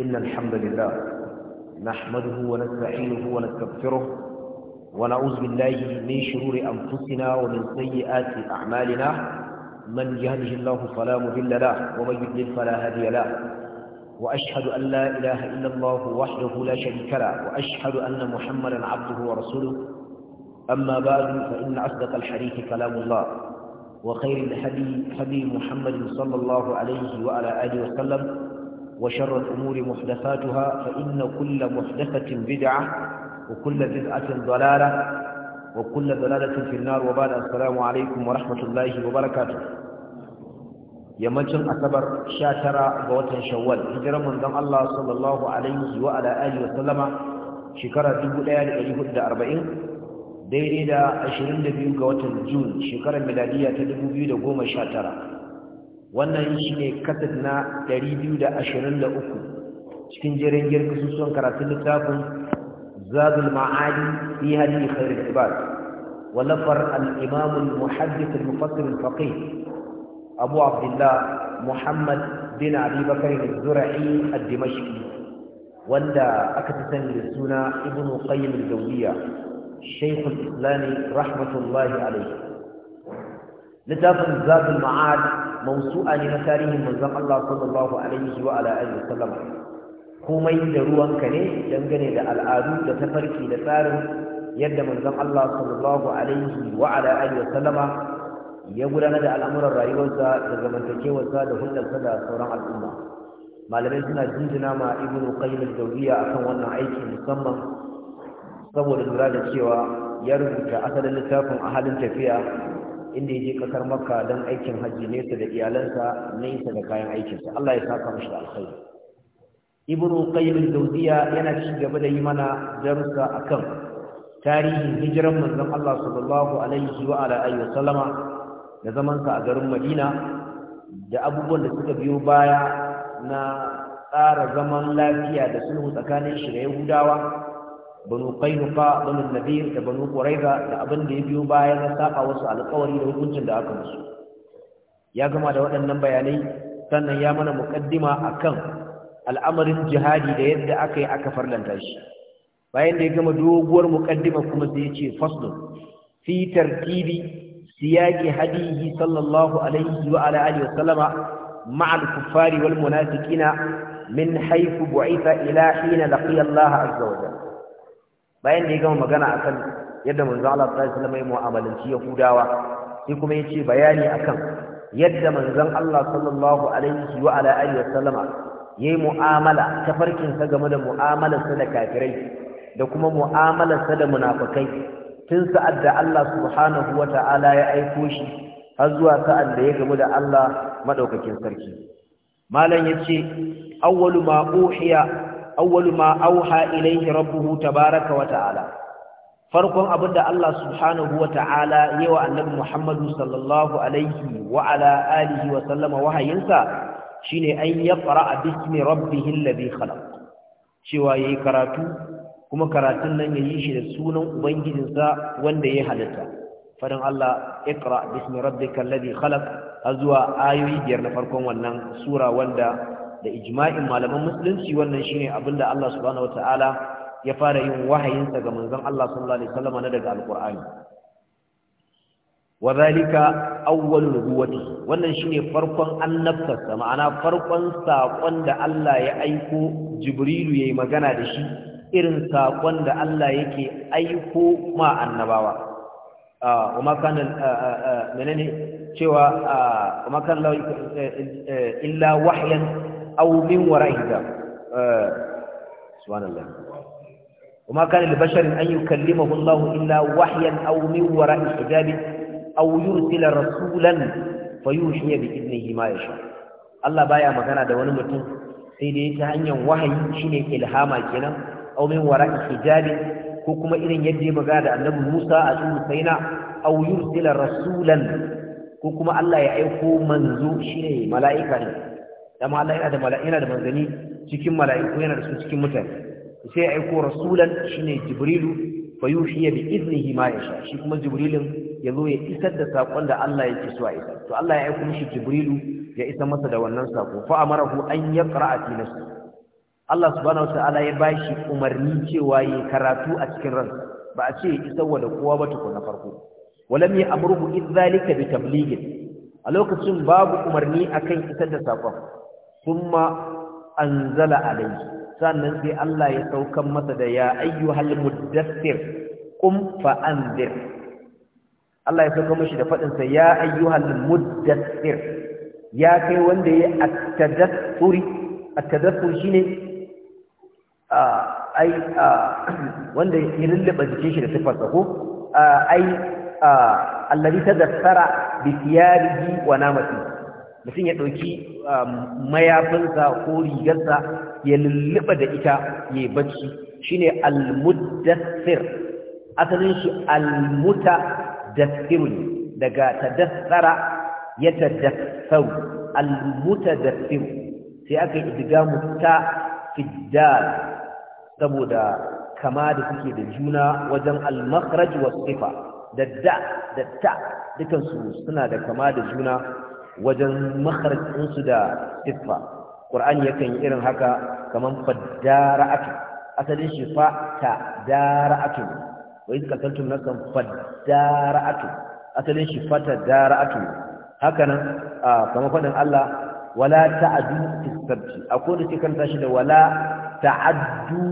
إن الحمد لله نحمده ونستعينه ونستغفره ونعوذ بالله من شرور أنفسنا ومن سيئات أعمالنا من يهده الله فلا مذل له ومن يضلل فلا هادي له وأشهد أن لا إله إلا الله وحده لا شريك له وأشهد أن محمدا عبده ورسوله أما بعد فإن أصدق الحديث كلام الله وخير الهدي هدي محمد صلى الله عليه وعلى آله وسلم وشر الأمور محدثاتها فإن كل محدثة بدعة وكل بدعة ضلالة وكل ضلالة في النار وبعد السلام عليكم ورحمة الله وبركاته يمجن أكبر شاترا بوتا شوال هجر من ذن الله صلى الله عليه وعلى آله وسلم شكرا دبو آل أليه الدى أربعين ديري دا عشرين دبيو قوتا جون شكرا ميلادية دبو بيو دا قوم شاترا wannan shi ne katin na 223 cikin jerin girka susuwan karatun littafin zazul ma'adi fi hadi khairul ibad wallafar al-imam al-muhaddith al-mufassir al-faqih abu abdullah muhammad bin abi bakr al-zura'i al-dimashqi wanda aka fi sani da suna ibnu qayyim al-jawziya shaykh islam rahmatullahi alayhi littafin Zabin ma'ad mawsu'a ne na tarihin manzon Allah sallallahu alaihi wa ala komai da ruwanka ne dangane da al'adu da tafarki da tsarin yadda manzon Allah sallallahu alaihi wa ala ya gudanar da al'amuran rayuwarsa da zamantakewarsa da hulɗarsa da sauran al'umma malamai suna jinjina ma ibnu qayyim al akan wannan aiki musamman saboda lura da cewa ya rubuta asalin littafin a halin tafiya inda ya je kasar makka don aikin hajji nesa da iyalansa nesa da kayan aikinsa Allah ya saka mashi da alkhairi ibn qayyim al yana ci gaba da yi mana darussa akan tarihin hijiran manzon Allah sallallahu alaihi wa ala alihi da zaman sa a garin Madina da abubuwan da suka biyo baya na tsara zaman lafiya da sulhu tsakanin shi da Yahudawa banu qainuqa banu nadir da banu quraiza da abin da ya biyo baya na saƙa wasu alƙawari da hukuncin da aka musu ya gama da waɗannan bayanai sannan ya mana a kan al'amarin jihadi da yadda aka yi aka farlanta shi bayan da ya gama doguwar muqaddima kuma sai ya ce faslun fi tartibi siyaqi hadihi sallallahu alaihi wa ala alihi wa sallama ma'al kuffari wal munafiqina min haythu bu'itha ila hina laqiya Allah azza wa jalla bayan da ya gama magana akan yadda manzo Allah sallallahu alaihi wasallam ya mu'amalanci Yahudawa sai kuma ya ce bayani akan yadda manzon Allah sallallahu alaihi wa ala alihi wasallama yayi mu'amala ta farkin game da mu'amalar da kafirai da kuma mu'amalar da munafikai tun sa'ad da Allah subhanahu wa ta'ala ya aiko shi har zuwa sa'ad da ya gamu da Allah madaukakin sarki malam yace awwalu ma uhiya awwalu ma auha ilaihi rabbuhu tabaraka wa ta'ala farkon abinda Allah subhanahu wa ta'ala yawa annabi Muhammadu sallallahu alaihi wa ala alihi wa sallama wahayinsa shine an yaqra bismi rabbihi alladhi khalaq cewa yayi karatu kuma karatun nan yayi shi da sunan ubangijinsa wanda ya halitta farin Allah ikra bismi rabbika alladhi khalaq azwa ayoyi biyar na farkon wannan sura wanda da ijma'in malaman musulunci wannan shine abinda Allah subhanahu wataala ya fara yin wahayinsa ga manzon Allah sallallahu alaihi wasallam na daga alqur'ani Wazalika zalika awwalu nubuwati wannan shine farkon annabtarsa ma'ana farkon sakon da Allah ya aiko Jibrilu yayi magana da shi irin sakon da Allah yake aiko ma annabawa wa makanan menene cewa eh, eh, illa wahyan aw min wara'i hijab subhanallah bashirin كان لبشر أن يكلمه الله إلا وحيا أو من وراء حجاب rasulan يرسل رسولا فيوحي بإذنه ما يشاء Allah baya magana da wani mutum sai dai ta hanyar wahayi shine ilhama kenan aw min wara'i hijabi ko kuma irin yadda ya magana da annabi Musa a cikin Saina aw yursila rasulan ko kuma Allah ya aiko manzo shine mala'ika ne dama Allah yana da mala'ika yana da manzani cikin mala'iku yana da su cikin mutane sai ya aiko rasulan shine jibrilu fa ya bi idnihi ma yasha shi kuma jibrilin ya zo ya isar da sakon da Allah yake so a isa to Allah ya aiko mishi jibrilu ya isa masa da wannan sako fa amarahu an yaqra'a fi nafsi Allah subhanahu wataala ya bashi umarni cewa ya karatu a cikin ransa ba a ce isa wa da kowa ba tukun na farko walam ya amruhu idh zalika bi tabligh a lokacin babu umarni akan isar da sakon thumma anzala alayhi sannan sai Allah ya saukan masa da ya ayyuhal muddathir qum fa anzir Allah ya saukan mashi da faɗinsa ya ayyuhal muddathir ya kai wanda ya at-tadathuri at-tadathur shine wanda ya lullaba jikin shi da sifarsa ko ai alladhi tadathara bi thiyabihi wa namatihi mutum ya ɗauki um, mayafinsa ko rigarsa ya lulluɓa da ita ya yi bacci shine almuddassir asalin shi almuta dassiru daga tadassara ya tadassaru almuta dassiru sai aka yi idigamu ta fiddar saboda kama da suke da juna wajen almakharaj wa sifa da da da ta dukansu suna da kama da juna wajen makharaj ɗinsu da siffa ƙur'ani kan yi irin haka kamar faddara'atu asalin shi fa ta dara'atu wa yi kasantum na kan faddara'atu asalin shi fa ta dara'atu haka nan kamar faɗin Allah wala ta'adu tisabti akwai da ke kanta shi da wala ta'addu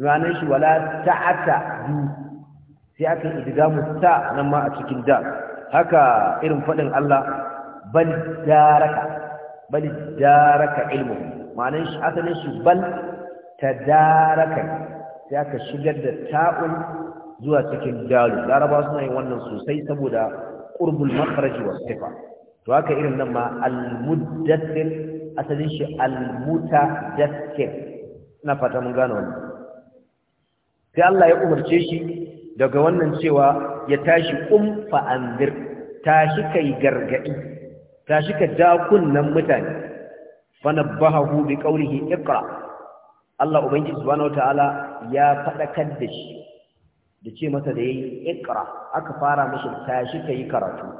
ranar shi wala ta'ata du sai aka yi idgamu ta nan ma a cikin da haka irin faɗin Allah bal daraka bal daraka ilmu ma'anar shi asalin shi bal tadaraka sai aka shigar da ta'un zuwa cikin dalu laraba suna yin wannan sosai saboda qurbul makhraj wa sifa to haka irin nan ma al-muddathir asalin shi al-mutadathir ina fata mun gano wannan sai Allah ya umarce shi daga wannan cewa ya tashi um fa tashi kai gargadi tashi ka ja kunnan mutane fanabbahu bi qawlihi iqra Allah ubangiji subhanahu wataala ya faɗakar da shi da ce masa da yayi iqra aka fara shi tashi yi karatu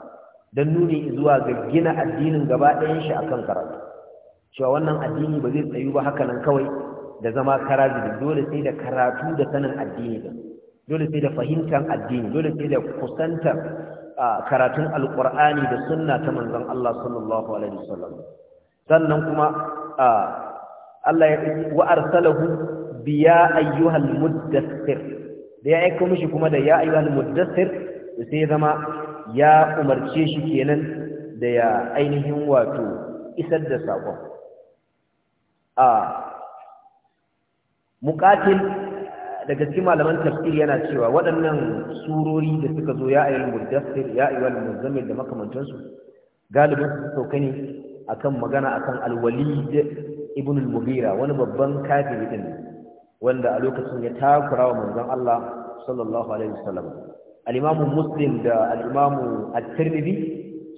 dan nuni zuwa ga gina addinin gaba ɗayan shi akan karatu cewa wannan addini ba zai tsayu ba haka nan kawai da zama karaji dole sai da karatu da sanin addini ba. dole sai da fahimtar addini dole sai da kusantar karatun Alƙur'ani da sunna ta manzon Allah sallallahu alaihi wasallam sannan kuma Allah ya wa arsalahu bi ya ayyuhal muddathir da ya aika kuma da ya ayyuhal muddathir sai zama ya umarce shi kenan da ya ainihin wato isar da sakon a muqatil daga cikin malaman tafsir yana cewa waɗannan surori da suka zo ya ayyul mudaffir ya ayyul muzammil da makamantansu galibin su sauka ne akan magana akan alwalid walid ibn al-mughira wani babban kafiri din wanda a lokacin ya takura wa manzon Allah sallallahu alaihi wasallam al-imam muslim da al-imam at-tirmidhi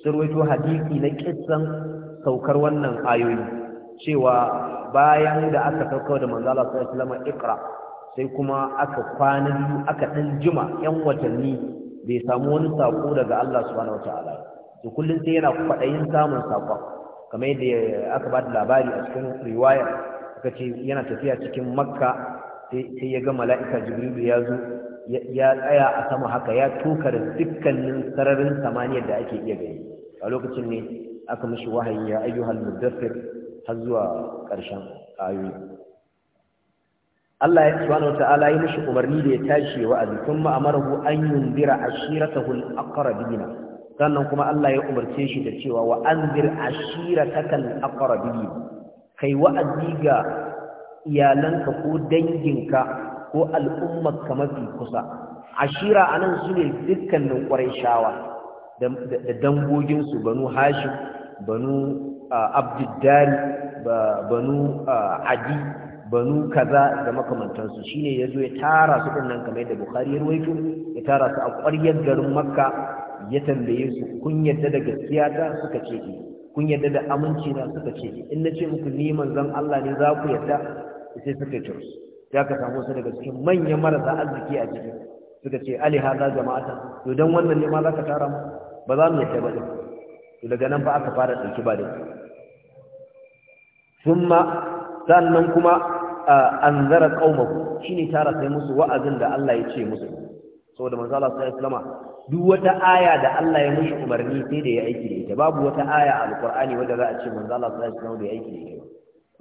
sun rawaito hadisi na kissan saukar wannan ayoyi cewa bayan da aka saukar da manzon Allah sallallahu alaihi wasallam iqra sai kuma aka kwana biyu aka ɗan jima ‘yan watanni bai samu wani saƙo daga Allah subhanahu wata'ala to kullum sai yana kwaɗayin samun saƙon kamar yadda aka ba da labari a cikin riwaya aka ce yana tafiya cikin makka sai ya ga mala'ika jibrilu ya zo ya tsaya a sama haka ya tukar dukkanin sararin samaniyar da ake iya gani a lokacin ne aka mishi wahayi ya ayyuhal muddassir har zuwa ƙarshen ayoyi Allah ya subhanahu wata'ala ya mishi umarni da ya tashi wa azi kuma amarahu an yundira ashiratahu al-aqrabina sannan kuma Allah ya umarce shi da cewa wa anzir ashirataka al-aqrabin kai wa'azi ga iyalanka ko danginka ko al'ummarka mafi kusa ashira anan sune dukkanin quraishawa da dangogin su banu hashim banu ah, abduddari banu ah, adi banu kaza da makamantansu shine yazo ya tara su dinnan kamar da Bukhari ya rawaito ya tara su a ƙwaryar garin Makka ya tambaye su kun yadda da gaskiya ta suka ce ki eh. kun yadda da aminci na suka ce ki eh. in nace muku ni manzon Allah ne za ku yadda sai suka ce su ya ka samu su daga cikin manyan marasa arziki a cikin suka ce ali hada jama'ata to dan wannan ne ma za ka tara mu ba za mu yadda ba to daga nan ba aka fara dauki ba din thumma sannan kuma anzara Shi shine tara sai musu wa'azin da Allah ya ce musu saboda manzo Allah sallallahu duk wata aya da Allah ya mushi umarni sai da ya aiki da ita babu wata aya a alqur'ani wanda za a ce manzo Allah sallallahu da ya aiki da ita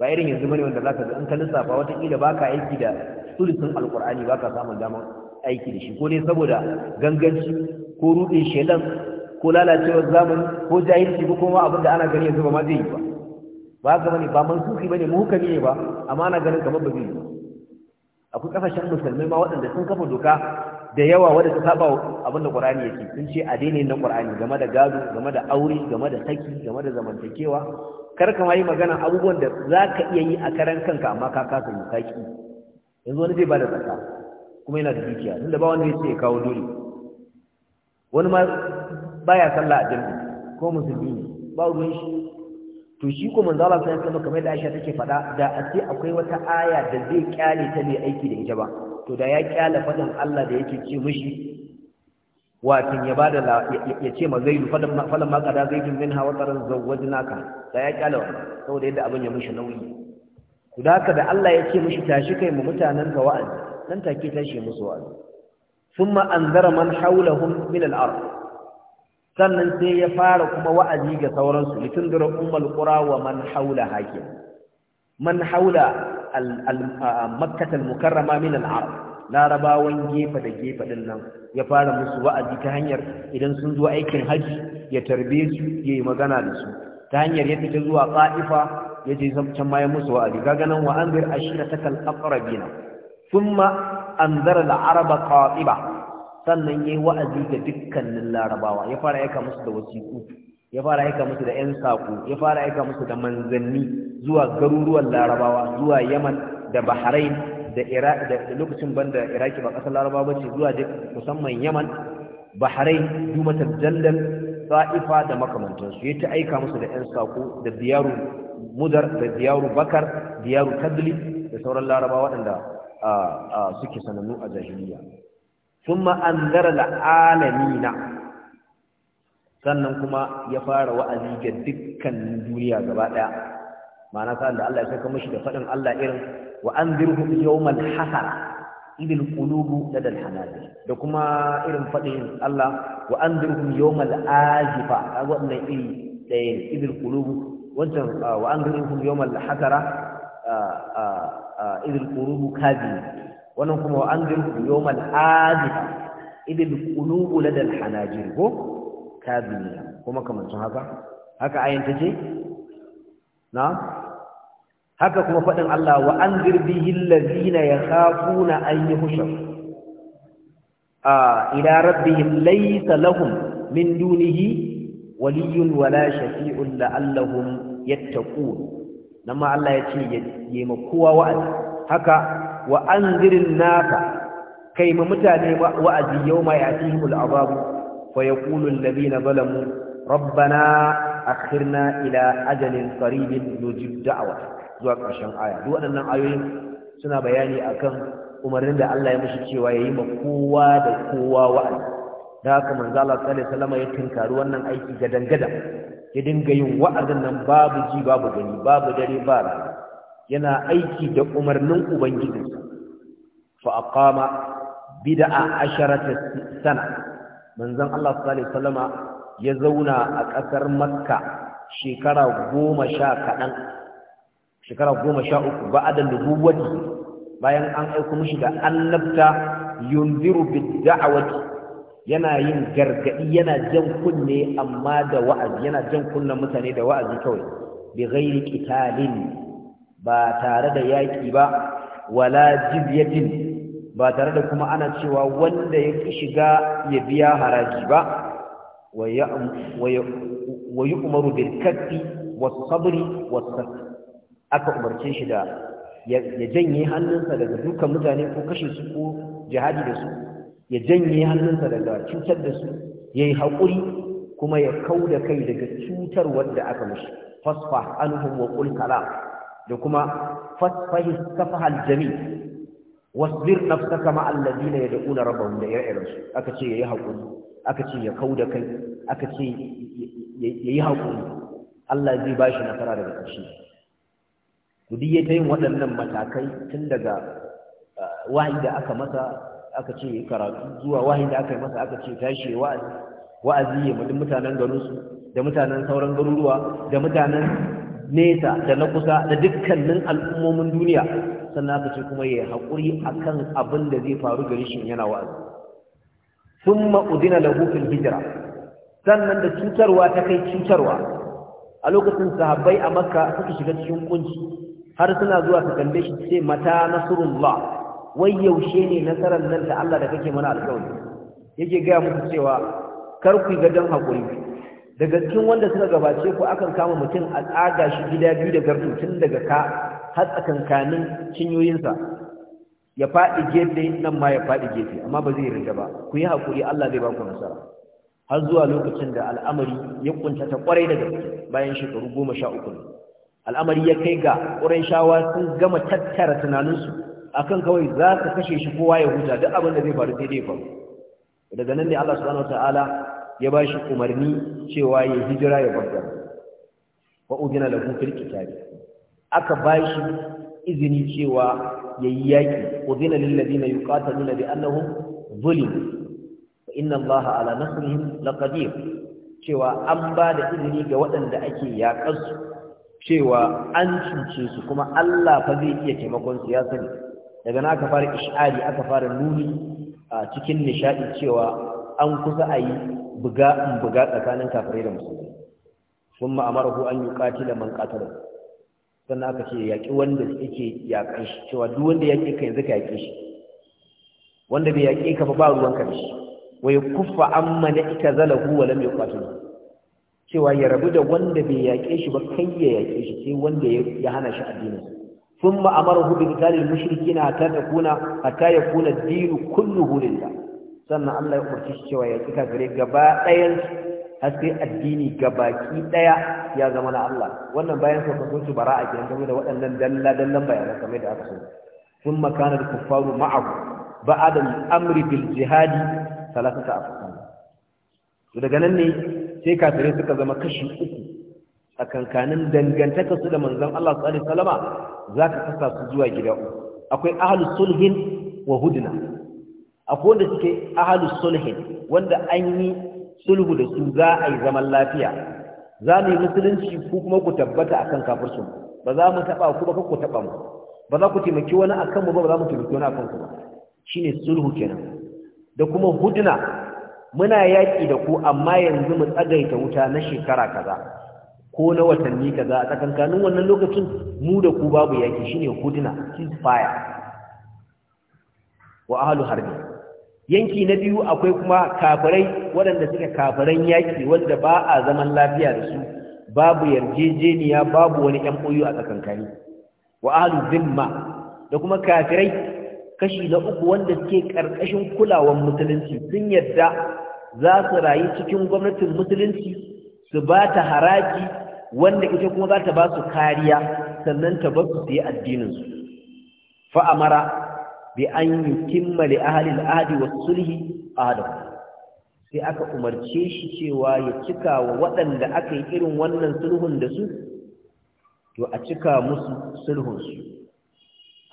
ba irin yanzu bane wanda zaka ga in ka lissafa wata kila baka aiki da sulusun alqur'ani baka samun damar aiki da shi ko ne saboda ganganci ko rudin shelan ko lalacewar zamani ko jahilci ko kuma abin da ana gani yanzu ba ma zai yi ba ba ga bane ba mansuki bane mu hukami ne ba amma na ganin kamar ba zai akwai kafashin musulmai ma waɗanda sun kafa doka da yawa wanda ta saba da Qur'ani yake sun ce a daina na Qur'ani game da gado game da aure game da saki game da zamantakewa kar ka ma yi magana abubuwan da zaka iya yi a karan kanka amma ka kasa yi saki yanzu wani zai bada zakka kuma yana da dukiya tunda ba wanda yake kawo dole wani ma baya sallah a jami'a ko musulmi ba ruwan shi to shi ko manzo Allah sai kuma kamar da Aisha take faɗa da a akwai wata aya da zai kyale ta mai aiki da ita to da ya kyale fadan Allah da yake ce mishi watin ya bada ya ce ma zaidu fadan falan ma kada zaidun minha wa taran zawwajnaka da ya kyale saboda yadda abin ya mishi nauyi to da haka da Allah ya ce mishi tashi kai mu mutanen ka wa'azi nan take tashi musu wa'azi thumma anzara man hawlahum min al-ard sannan sai ya fara kuma wa'azi ga sauransu litundura Umar qura wa man haula hakim man haula makkatal mukarrama min al-arab larabawan gefe da gefe din nan ya fara musu wa'azi ta hanyar idan sun zo aikin haji ya tarbe su yi magana da su ta hanyar ya fita zuwa qa'ifa ya je can ma ya musu wa'azi kaga nan wa anzir ashiratakal aqrabina thumma anzara al-araba qatiba sannan yayi wa'azi ga dukkanin larabawa ya fara aika musu da wasiƙu ya fara aika musu da 'yan saƙo ya fara aika musu da manzanni zuwa garuruwan larabawa zuwa yaman da bahrain da iraq da lokacin banda iraki ba ƙasar larabawa ce zuwa musamman yaman bahrain dumatar jallal sa'ifa da makamantansu ya ta aika musu da 'yan saƙo da diyaru mudar da diyaru bakar diyaru tadli da sauran larabawa waɗanda suke sanannu a jahiliya thumma anzara alalamina sannan kuma ya fara wa'azi ga dukkan duniya gaba daya ma'ana sa da Allah ya saka mishi da fadin Allah irin wa anzirhum yawmal hasara idil qulubu ladal hanabi da kuma irin fadin Allah wa anzirhum yawmal azifa kaga wannan iri ɗaya idil qulubu wajen wa anzirhum yawmal hasara idil qulubu kadhib wannan kuma wa anzirhum yawmal azifa idil qulubu ladal hanajir ko kadhiba kuma kamar sun haka haka ayin tace na haka kuma fadin Allah wa anzir bihil ladina yakhafuna an yuhshar a ila rabbihim laysa lahum min dunihi waliyyun wala shafi'un la'allahum yattaqun nan ma Allah ya ce yema kowa wa'azi haka wa anzirin nasa kai ma mutane wa'azi yau ma ya ci hul azabu fa ya kulun labi na balamu rabbana akhirna ila ajalin qaribin nujib da'awa zuwa ƙarshen aya duk waɗannan ayoyin suna bayani akan umarnin da Allah ya mishi cewa ya yi ma kowa da kowa wa'azi da haka manzo Allah sallallahu alaihi wasallam ya tinkari wannan aiki gadan gadan ya dinga yin wa'azin nan babu ji babu gani babu dare ba rana yana aiki da umarnin ubangijinsa fa aqama bid'a asharata sana manzon Allah sallallahu alaihi wasallama ya zauna a ƙasar Makka shekara goma sha kaɗan, shekara 13 ba'da nubuwwati bayan an aiko mishi da annabta yunziru bid da'wati yana yin gargadi yana jan kunne amma da wa'azi yana jan kunnen mutane da wa'azi kawai bi ghairi qitalin ba tare da yaƙi ba wala jizyatin ba tare da kuma ana cewa wanda ya ki shiga ya biya haraji ba wa yi umaru bil kafi wasu sabri wasu aka umarce shi da ya janye hannunsa daga dukan mutane ko kashe su ko jihadi da su ya janye hannunsa daga cutar da su ya yi haƙuri kuma ya kau da kai daga cutar wanda aka mashi fasfa anhum wa da kuma fasfahi safahal jami wasbir nafsaka ma alladina yad'una rabbahum da ire su aka ce yayi hakuri aka ce ya kauda kai aka ce yayi hakuri Allah zai bashi nasara daga ƙarshe ku diye ta yin waɗannan matakai tun daga wahayi da aka masa aka ce karatu zuwa wahayi da aka masa aka ce tashi wa'azi wa'azi ya mutun mutanen garinsu da mutanen sauran garuruwa da mutanen nesa da na kusa da dukkanin al'ummomin duniya sannan aka ce kuma ya haƙuri a kan abin da zai faru gari rishin yana wa'azi sun ma'udina hukun hijira sannan da cutarwa ta kai cutarwa a lokacin sahabbai a makka suka shiga cikin kunci har suna zuwa su kalle shi ce mata ba. wai yaushe ne nasarar nan da Allah da kake mana alƙawari yake gaya musu cewa kar ku ga dan haƙuri daga cikin wanda suka gabace ku akan kama mutum a tsaga shi gida biyu da gardu tun daga ka har tsakankanin cinyoyinsa ya faɗi gefe nan ma ya faɗi gefe amma ba zai yarda ba ku yi haƙuri Allah zai ba ku nasara har zuwa lokacin da al'amari ya ta kwarai da gaske bayan shekaru goma sha uku al'amari ya kai ga shawa sun gama tattara tunaninsu akan kawai za ka kashe shi kowa ya huta duk abin da zai faru sai dai faru daga nan ne Allah subhanahu ta'ala ya ba shi umarni cewa ya hijira ya babbar wa udina da fil kitabi aka ba shi izini cewa yayi yaki udina lil ladina yuqataluna bi annahum zulimu fa inna allaha ala nasrihim laqadir cewa an ba da izini ga waɗanda ake yaƙar su cewa an cuce su kuma Allah fa zai iya taimakon su ya sani daga na aka fara ish'ari aka fara nuni a cikin nishadi cewa an kusa a yi buga in buga tsakanin kafare da musulmi sun ma'amarahu an yi da man katalar sannan aka ce yaƙi wanda suke yaƙan shi cewa duk wanda yaƙi ka yanzu ka yaƙe shi wanda bai yaƙe ka ba ba ruwan ka shi wai kuffa an mana ita zalahu wa lam yuqatil cewa ya rabu da wanda bai yaƙe shi ba kai ya yaƙe shi sai wanda ya hana shi addinin ثم أمره بقتال المشركين حتى تكون حتى يكون الدين كله لله sannan Allah ya umarci shi cewa ya ƙi kafirai gaba ɗayan haske addini addini gabaki ɗaya ya zama na Allah wannan bayan sauƙaƙon su bara a gidan game da waɗannan dalla-dallan bayanan kamar da aka so sun makana da kuffaru ma'abu ba'ad al-amri bil jihadi salasata afkan to daga nan ne sai kafirai suka zama kashi uku tsakankanin dangantaka su da manzon Allah sallallahu alaihi wasallama zaka kasa su zuwa gida uku akwai ahlus sulhin wa hudna akwai wanda suke ahalus sulhin wanda an yi sulhu da su za a yi zaman lafiya za mu yi musulunci ku kuma ku tabbata akan kafirsu ba za mu taba ku ba ku taba mu ba za ku taimaki wani akan mu ba za mu taimaki wani akan ku ba shine sulhu kenan da kuma hudna muna yaki da ku amma yanzu mu tsagaita wuta na shekara kaza ko na watanni kaza a tsakankanin wannan lokacin mu da ku babu yaki shine hudna ceasefire wa ahlu harbi yanki na biyu akwai kuma kafirai waɗanda suka kafiran yaƙi wanda ba a zaman lafiya da su babu yarjejeniya babu wani ƴan ɓoyo a tsakankani wa ahlu zimma da kuma kafirai kashi na uku wanda suke ƙarƙashin kulawan musulunci sun yadda za su rayu cikin gwamnatin musulunci su ba ta haraji wanda ita kuma za ta ba su kariya sannan ta ba su su yi addininsu fa'amara bi an yutimma li ahli al-ahdi was-sulhi adam sai aka umarce shi cewa ya cika wa waɗanda aka yi irin wannan sulhun da su to a cika musu sulhunsu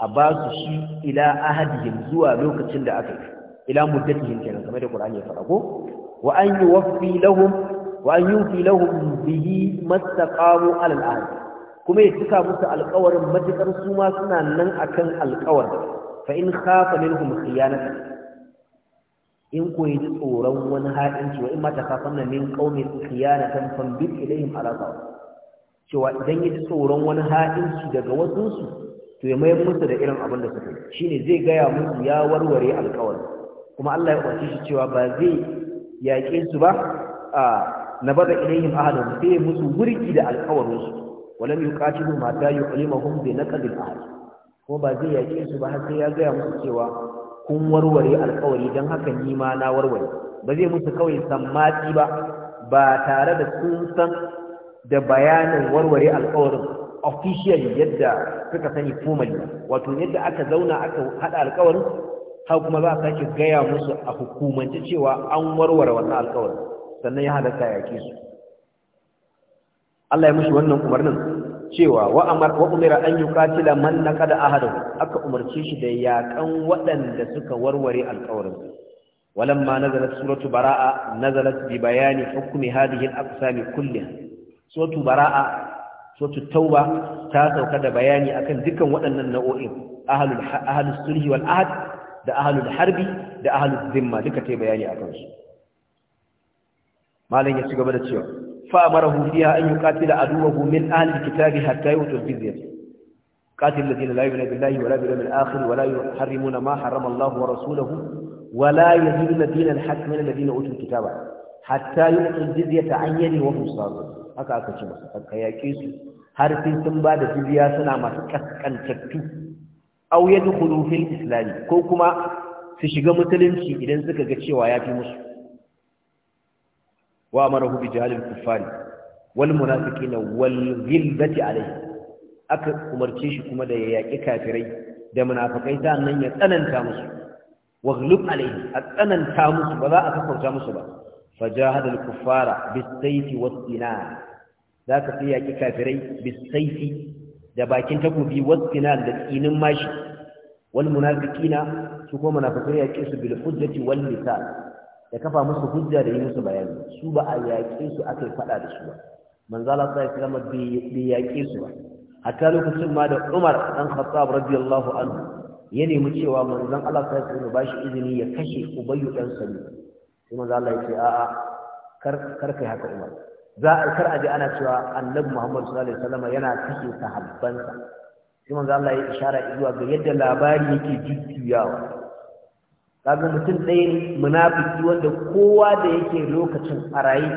a ba su shi ila ahadihim zuwa lokacin da aka yi ila muddatihim kenan kamar da Qur'ani ya fara ko wa an yuwaffi lahum wa an yufi lahum bihi mastaqamu ala al-ahd kuma ya cika musu alƙawarin matakar su ma suna nan akan alƙawarin fa in khafa minhum khiyanatan in koyi yi tsoron wani ha'inci wa in ma takafanna min qaumin khiyanatan bi ilaihim ala sawa cewa idan yi tsoron wani haɗinci daga wasu su to ya mayar musu da irin abin da suka yi shine zai gaya musu ya warware alƙawari kuma Allah ya kwace shi cewa ba zai yaƙe su ba a bada ilaihim ahadun sai musu wurki da alƙawarin su walam yuqatilu ma ta yuqlimuhum bi naqdil ahad ko ba zai yaƙe su ba har sai ya gaya musu cewa kun warware alƙawari don haka ni ma na warware ba zai musu kawai sammati ba ba tare da sun san da bayanin warware alƙawarin officially yadda suka sani formally wato yadda aka zauna aka haɗa alƙawarin har kuma za a sake gaya musu a hukumance cewa an warware wannan alƙawarin sannan ya halatta yaƙe su Allah ya mushi wannan umarnin cewa wa umira an yuqatila man naqada aka umarce shi da yaƙan waɗanda suka warware alƙawarin walamma nazalat suratu baraa nazalat bi bayani hukmi hadhihi al-aqsam kulliha suratu baraa suratu tauba ta sauka da bayani akan dukan waɗannan nau'o'in ahlul ahlus sulhi wal ahd da harbi da ahlul zimma duka ta bayani akan su malam ya ci gaba da cewa فأمره فيها أن يقاتل عدوه من أهل الكتاب حتى يؤتوا الجزية قاتل الذين لا يؤمنون بالله ولا باليوم الآخر ولا يحرمون ما حرم الله ورسوله ولا يدين دين الحق من الذين أوتوا الكتاب حتى يؤتوا الجزية عن يد وهم صاغرون haka aka ce masa kan kayake su har sai sun ba da jizya suna masu kaskantattu aw yadkhulu fil islam ko kuma su shiga musulunci idan suka ga cewa yafi musu wa marahu bi jahalil kuffari wal munafiqina wal ghilbati alayhi aka umarce shi kuma da ya yaki kafirai da munafikai sannan ya tsananta musu wa ghlub alayhi a tsananta musu ba za a kafauta musu ba fajahadal kuffara bis sayfi was sinan zaka sai yaki kafirai bis da bakin takobi was sinan da tsinin mashi wal munafiqina su kuma munafikai yaki su bil hujjati wal misal ya kafa musu hujja da yi musu bayani su ba a yaƙe su aka yi faɗa da su ba manzala sa ya kalama bai yaƙe su ba hatta lokacin ma da umar ɗan khattab radiyallahu anhu ya nemi cewa manzon Allah sa ya kalama ba shi izini ya kashe ubayyu ɗan sami sai manzo Allah ya ce a'a kar kar kai haka umar za a kar a ji ana cewa annabi muhammad sallallahu alaihi wasallam yana kashe sahabbansa sai manzo Allah ya ishara zuwa ga yadda labari yake jujjuyawa kaga mutum ɗaya munafiki wanda kowa da yake lokacin a raye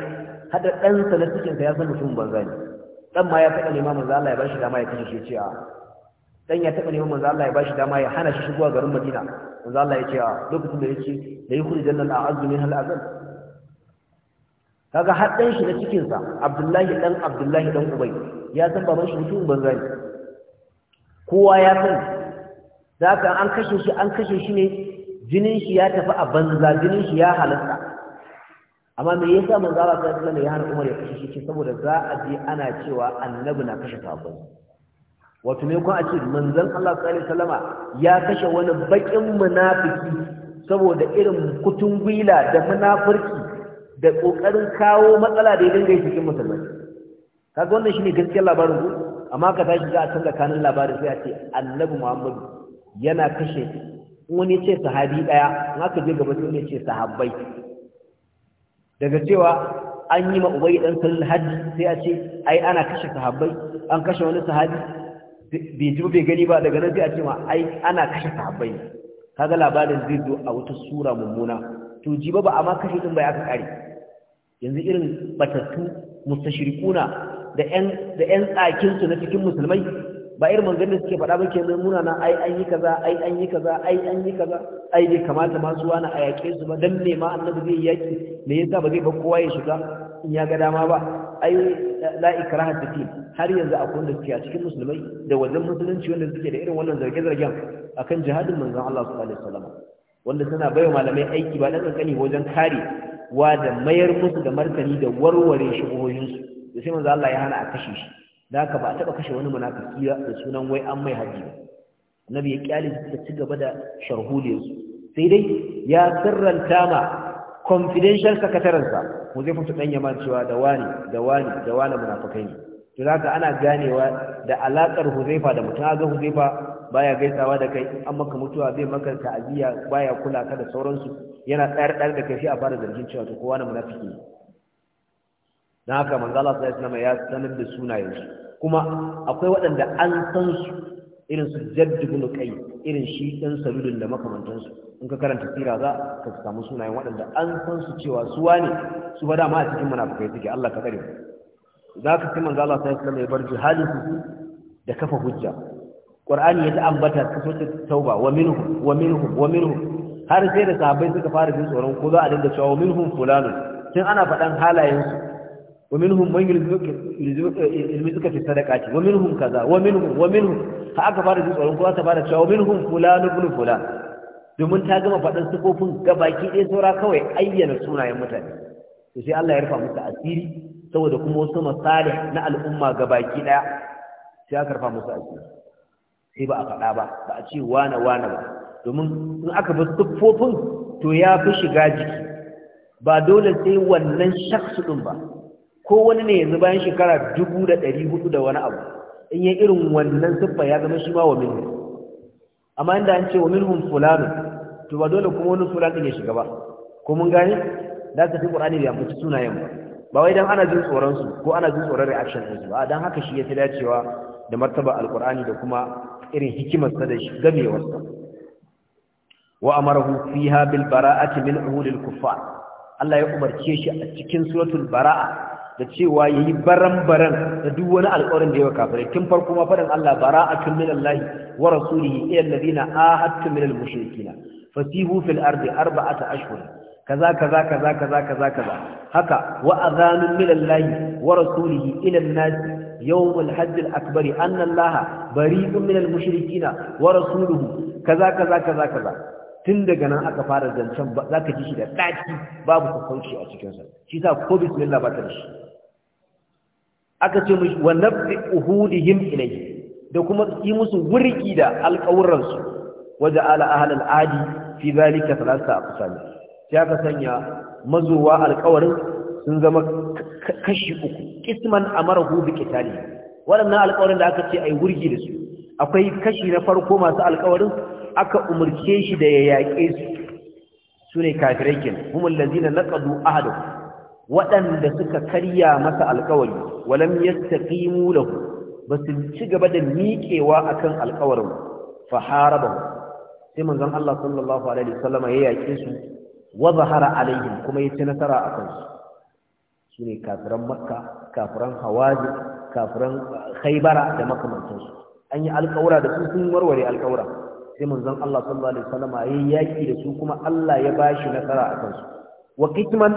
hada ɗansa na cikinsa ya san mutum banza ne ɗan ma ya taɓa nema manzo Allah ya bashi dama ya kashe shi ce a ɗan ya taɓa nema manzo Allah ya bashi dama ya hana shi shigowa garin Madina manzo Allah ya ce a lokacin da yake da yi hurjan nan a'azzu min hal azab kaga har shi na cikinsa Abdullahi ɗan Abdullahi ɗan Ubay ya san baban shi mutum banza ne kowa ya san da an kashe shi an kashe shi ne jinin shi ya tafi a banza jinin shi ya halatta amma me yasa manzo Allah sallallahu alaihi ya hana Umar ya kashe shi saboda za a je ana cewa annabi na kashe sahabbai wato ne ko a ce manzon Allah sallallahu alaihi wasallama ya kashe wani bakin munafiki saboda irin kutun gwila da munafurki, da kokarin kawo matsala da ya dinga yi cikin musulmai kaga wannan shine gaskiyar labarin ku amma ka tashi za a canza kanin labarin sai a ce annabi Muhammad yana kashe wani ce sahabi ɗaya, in aka je gaba sai wani ce sahabbai daga cewa an yi ma ubai dan salil hajji sai a ce ai ana kashe sahabbai an kashe wani sahabi bai ji bai gani ba daga nan sai a ce ma ai ana kashe sahabbai kaga labarin zai zo a wata sura mummuna to jiba ba ba amma kashe din bai aka kare yanzu irin batattu mustashriquna da ƴan da ƴan tsakin su na cikin musulmai ba irin da suke faɗa ba kenan muna na ai an yi kaza ai an yi kaza ai an yi kaza ai bai kamata ma su wani a yaƙe su ba dan me ma annabi zai yaƙi me yasa ba zai bar kowa ya shiga in ya ga dama ba ai la ikraha fi har yanzu akwai wanda suke a cikin musulmai da wajen musulunci wanda suke da irin wannan zarge-zargen akan jihadin manzon Allah sallallahu alaihi wasallam wanda suna bai malamai aiki ba dan kankani wajen kare wa da mayar musu da martani da warware shi da sai manzo Allah ya hana a kashe shi da haka ba a taɓa kashe wani munafiki da sunan wai an mai haji ba annabi ya kyale su ta ci gaba da su sai dai ya sirranta ma confidential sakatarensa mu zai fito ɗan yamma cewa da wani da wani da wani munafikai ne to zaka ana ganewa da alakar huzaifa da mutum ga huzaifa baya gaisawa da kai an maka mutuwa zai maka ta'aziyya baya kula ka da sauransu yana tsayar da kai sai a fara zargin cewa to kowa na munafiki ne don haka manzala sai islam ya sanar da sunayensu kuma akwai waɗanda an san su irin su jaddu bin kai irin shi ɗan saludin da makamantansu in ka karanta sira za ka samu sunayen waɗanda an san su cewa su wane su ba dama a cikin munafikai suke Allah ka kare za ka sai manzala sai islam ya bar jihadin su da kafa hujja Qur'ani ya ta ambata ta tauba wa minhum wa minhum wa minhum har sai da sahabbai suka fara jin tsoron ko za a dinga cewa minhum fulanun tun ana faɗan su? wa minhum man yulzuka fi sadaqati wa minhum kaza wa minhum wa minhum ha aka fara jin tsoron ko ta fara cewa minhum fulan ibn fulan domin ta gama faɗin sifofin gabaki ɗaya saura kawai ayyana sunayen mutane to Allah ya rufa musu asiri saboda kuma wasu masalih na al'umma gabaki ɗaya sai aka rufa musu asiri sai ba a faɗa ba ba a ce wane wane ba domin in aka bi siffofin to ya fi shiga jiki ba dole sai wannan shaksu ɗin ba ko wani ne yanzu bayan shekara dubu da ɗari hudu da wani abu in yi irin wannan siffa ya zama shi ma wa minhum amma inda an ce wa minhum fulanu to ba dole kuma wani Fulani ne shiga ba ko mun gane da ka fi qur'ani da yammaci sunayen ba ba wai dan ana jin tsoron su ko ana jin tsoron reaction din su ba dan haka shi ya fi dacewa da martaba alqur'ani da kuma irin hikimar sa da shi gamewar wa amarahu fiha bil bara'ati min uhulil kuffar Allah ya umarce shi a cikin suratul bara'a da cewa ya yi baran-baran da duk wani alƙawarin da ya yawa kafirai tun farko ma faɗin Allah bara'atun minallahi wa rasulihi ila alladhina ahadtum minal mushrikina fasihu fil ardi arba'ata ashhur kaza kaza kaza kaza kaza kaza haka wa adhanun minallahi wa rasulihi ila an-nas يوم الحج الأكبر أن الله بريء من المشركين ورسوله kaza kaza kaza كذا tun daga nan aka fara zancen za ka ji shi da ɗaki babu sassauci a cikinsa shi sa ko bismillah ba ta da shi aka ce mushi wa nabbi uhudihim ilayhi da kuma yi musu wurki da alƙawuran su waje ala ahlal adi fi zalika thalatha aqsam sai aka sanya mazuwa alƙawarin sun zama kashi uku kisman amarahu bi qitali waɗannan alƙawarin da aka ce ai wurgi da su akwai kashi na farko masu alƙawarin aka umurce shi da ya yaƙe su sune kafirai kenan humul ladina naqadu ahdahu waɗanda suka karya masa alkawari walam yastaqimu lahu su ci gaba da miƙewa akan alkawarin fa harabahu sai manzon Allah sallallahu alaihi wasallam ya yake su wa zahara alaihim kuma ya ci nasara akan su sune kafiran makka kafiran hawazi kafiran khaybara da makamantansu an yi alkawura da su sun warware alkawura sai manzon Allah sallallahu alaihi wasallam ya yaki da su kuma Allah ya bashi nasara akan su wa kitman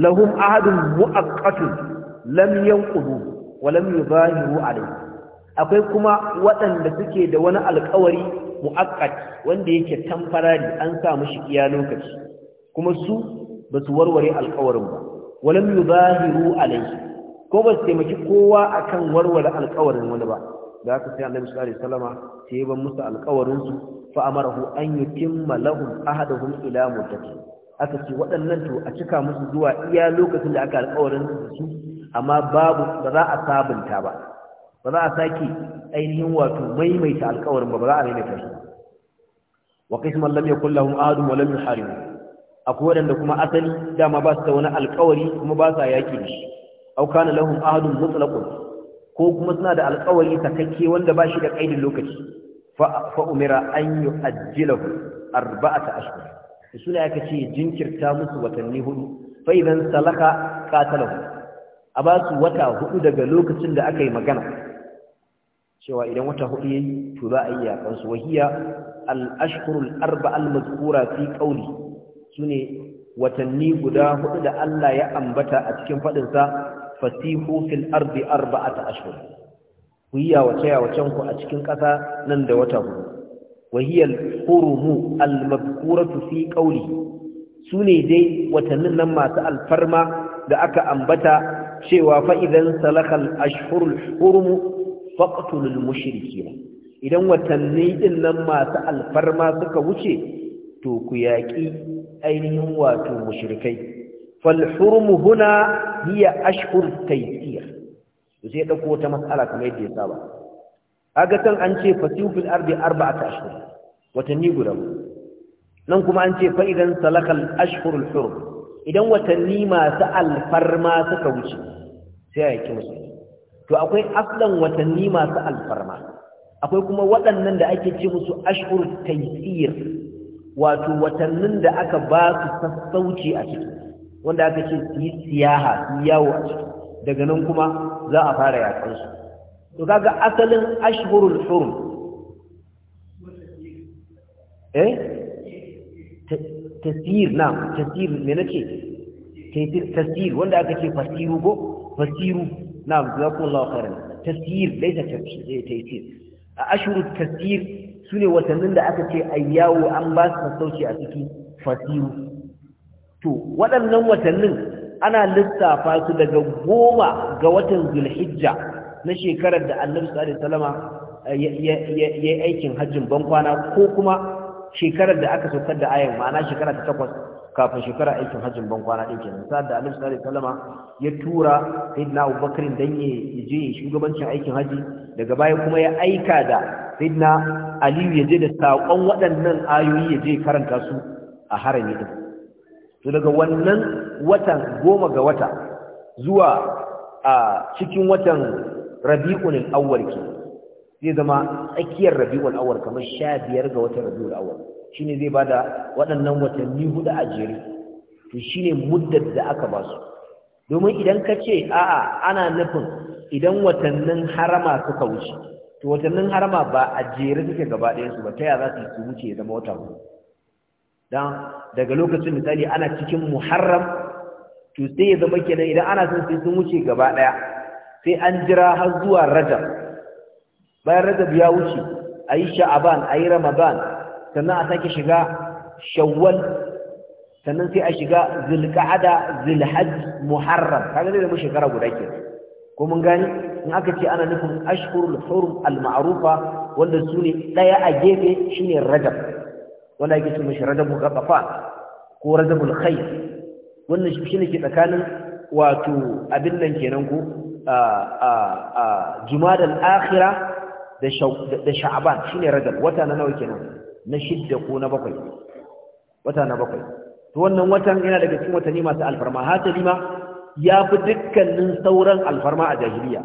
lahum ahadun mu'aqqatun lam yanqudu wa lam yubahiru alayhi akwai kuma waɗanda suke da wani alƙawari mu'aqqat wanda yake tamfarari an sa mushi iya lokaci kuma su ba su warware alƙawarin ba wa lam yubahiru alayhi ko ba su taimaki kowa akan warware alƙawarin wani ba da haka sai annabi sallallahu alaihi wasallama sai ya ban musu alƙawarin su fa amarahu an yutimma lahum ahaduhum ila muddati aka ce waɗannan to a cika musu zuwa iya lokacin da aka alƙawarin su amma babu ba za a sabunta ba ba za a sake ainihin wato maimaita alƙawarin ba ba za a maimaita shi wa qisman lam yakul lahum adun wa lam yuharimu akwai waɗanda kuma asali dama ba su da wani alƙawari kuma ba sa yaƙi da shi aw kana lahum adun mutlaqun ko kuma suna da alƙawari sakakke wanda ba shi da ƙaidin lokaci fa umira an yu'ajjilahu arba'ata ashhur da suna aka ce jinkirta musu watanni hudu fa idan salaka qatalahu a ba su wata hudu daga lokacin da aka yi magana cewa idan wata hudu yayi to za a yi yakan su wahiya al-ashhurul arba'a al-mazkura fi qawli sune watanni guda hudu da Allah ya ambata a cikin fadin sa fasihu fil ardi arba'ata ashhur ku yi yawace ku a cikin ƙasa nan da wata hudu وهي الحرم المذكورة في قوله سوني دي وتنن ما سأل فرما لأك أنبتا شوى فإذا سلخ الأشهر الحرم فاقتل المشركين إذا وتنن ما سأل فرما سكوشي توكياكي أين واتو مشركي فالحرم هنا هي أشهر التيسير وزيدك وتمسألة كما يدي سابقا kaga kan an ce fasihu fil ardi arba'ata ashhur watanni guda nan kuma an ce fa idan salakal al hurum idan watanni masu alfarma suka wuce sai ya musu to akwai aslan watanni masu alfarma akwai kuma waɗannan da ake ce musu ashhur taysir wato watannin da aka ba su sassauci a ciki wanda aka ce su yi siyaha su yawo a ciki daga nan kuma za a fara yakan su to kaga asalin ashhurul hurum eh tasir na tasir me nake tasir tasir wanda aka ce fasiru go fasiru na jazakumullahu khairan tasir laysa eh, tasir ashhurut tasir sune watannin da aka ce ayyawo an ba su sassauci a ciki fasiru to waɗannan watannin ana lissafa su daga goma ga watan zulhijja na shekarar da annabi sallallahu alaihi wasallama eh, yi aikin hajjin bankwana ko kuma shekarar da aka saukar da ayan ma'ana shekara ta takwas kafin shekara aikin hajjin bankwana din kenan sa da annabi sallallahu alaihi wasallama ya tura sayyidina Abubakar dan ya je shugabancin aikin haji daga baya kuma ya aika da sayyidina Aliyu ya je da sakon waɗannan ayoyi ya je karanta su a harami din to daga wannan watan goma ga wata zuwa a cikin watan rabi'ul al-awwal ke zai zama tsakiyar rabi'ul awwal kamar sha biyar ga watan rabi'ul awwal shine zai bada waɗannan watanni hudu a jere to shine muddar da aka ba su domin idan ka ce a'a ana nufin idan watannin harama suka wuce to watannin harama ba a jere suke gaba ɗayan su ba ta yaya za su wuce ya zama wata hudu dan daga lokacin misali ana cikin muharram to sai ya zama kenan idan ana son sai sun wuce gaba ɗaya sai an jira har zuwa rajab bayan rajab ya wuce a yi sha'aban a yi ramadan sannan a sake shiga shawwal sannan sai a shiga zulqa'ada zilhaj, muharram kaga da mu shekara guda ke ko mun gani in aka ce ana nufin ashhurul hurum al ma'rufa wanda su ne daya a gefe shine rajab wanda yake cewa shi rajabul ghafafan ko rajabul khayr wannan shi ne ke tsakanin wato abin nan kenan ko jumadal akhira da sha'aban shine ragar. wata na nawa kenan na shidda ko na bakwai wata na bakwai wannan watan yana daga cikin watanni masu alfarma hatali ma ya fi dukkanin sauran alfarma a jahiliya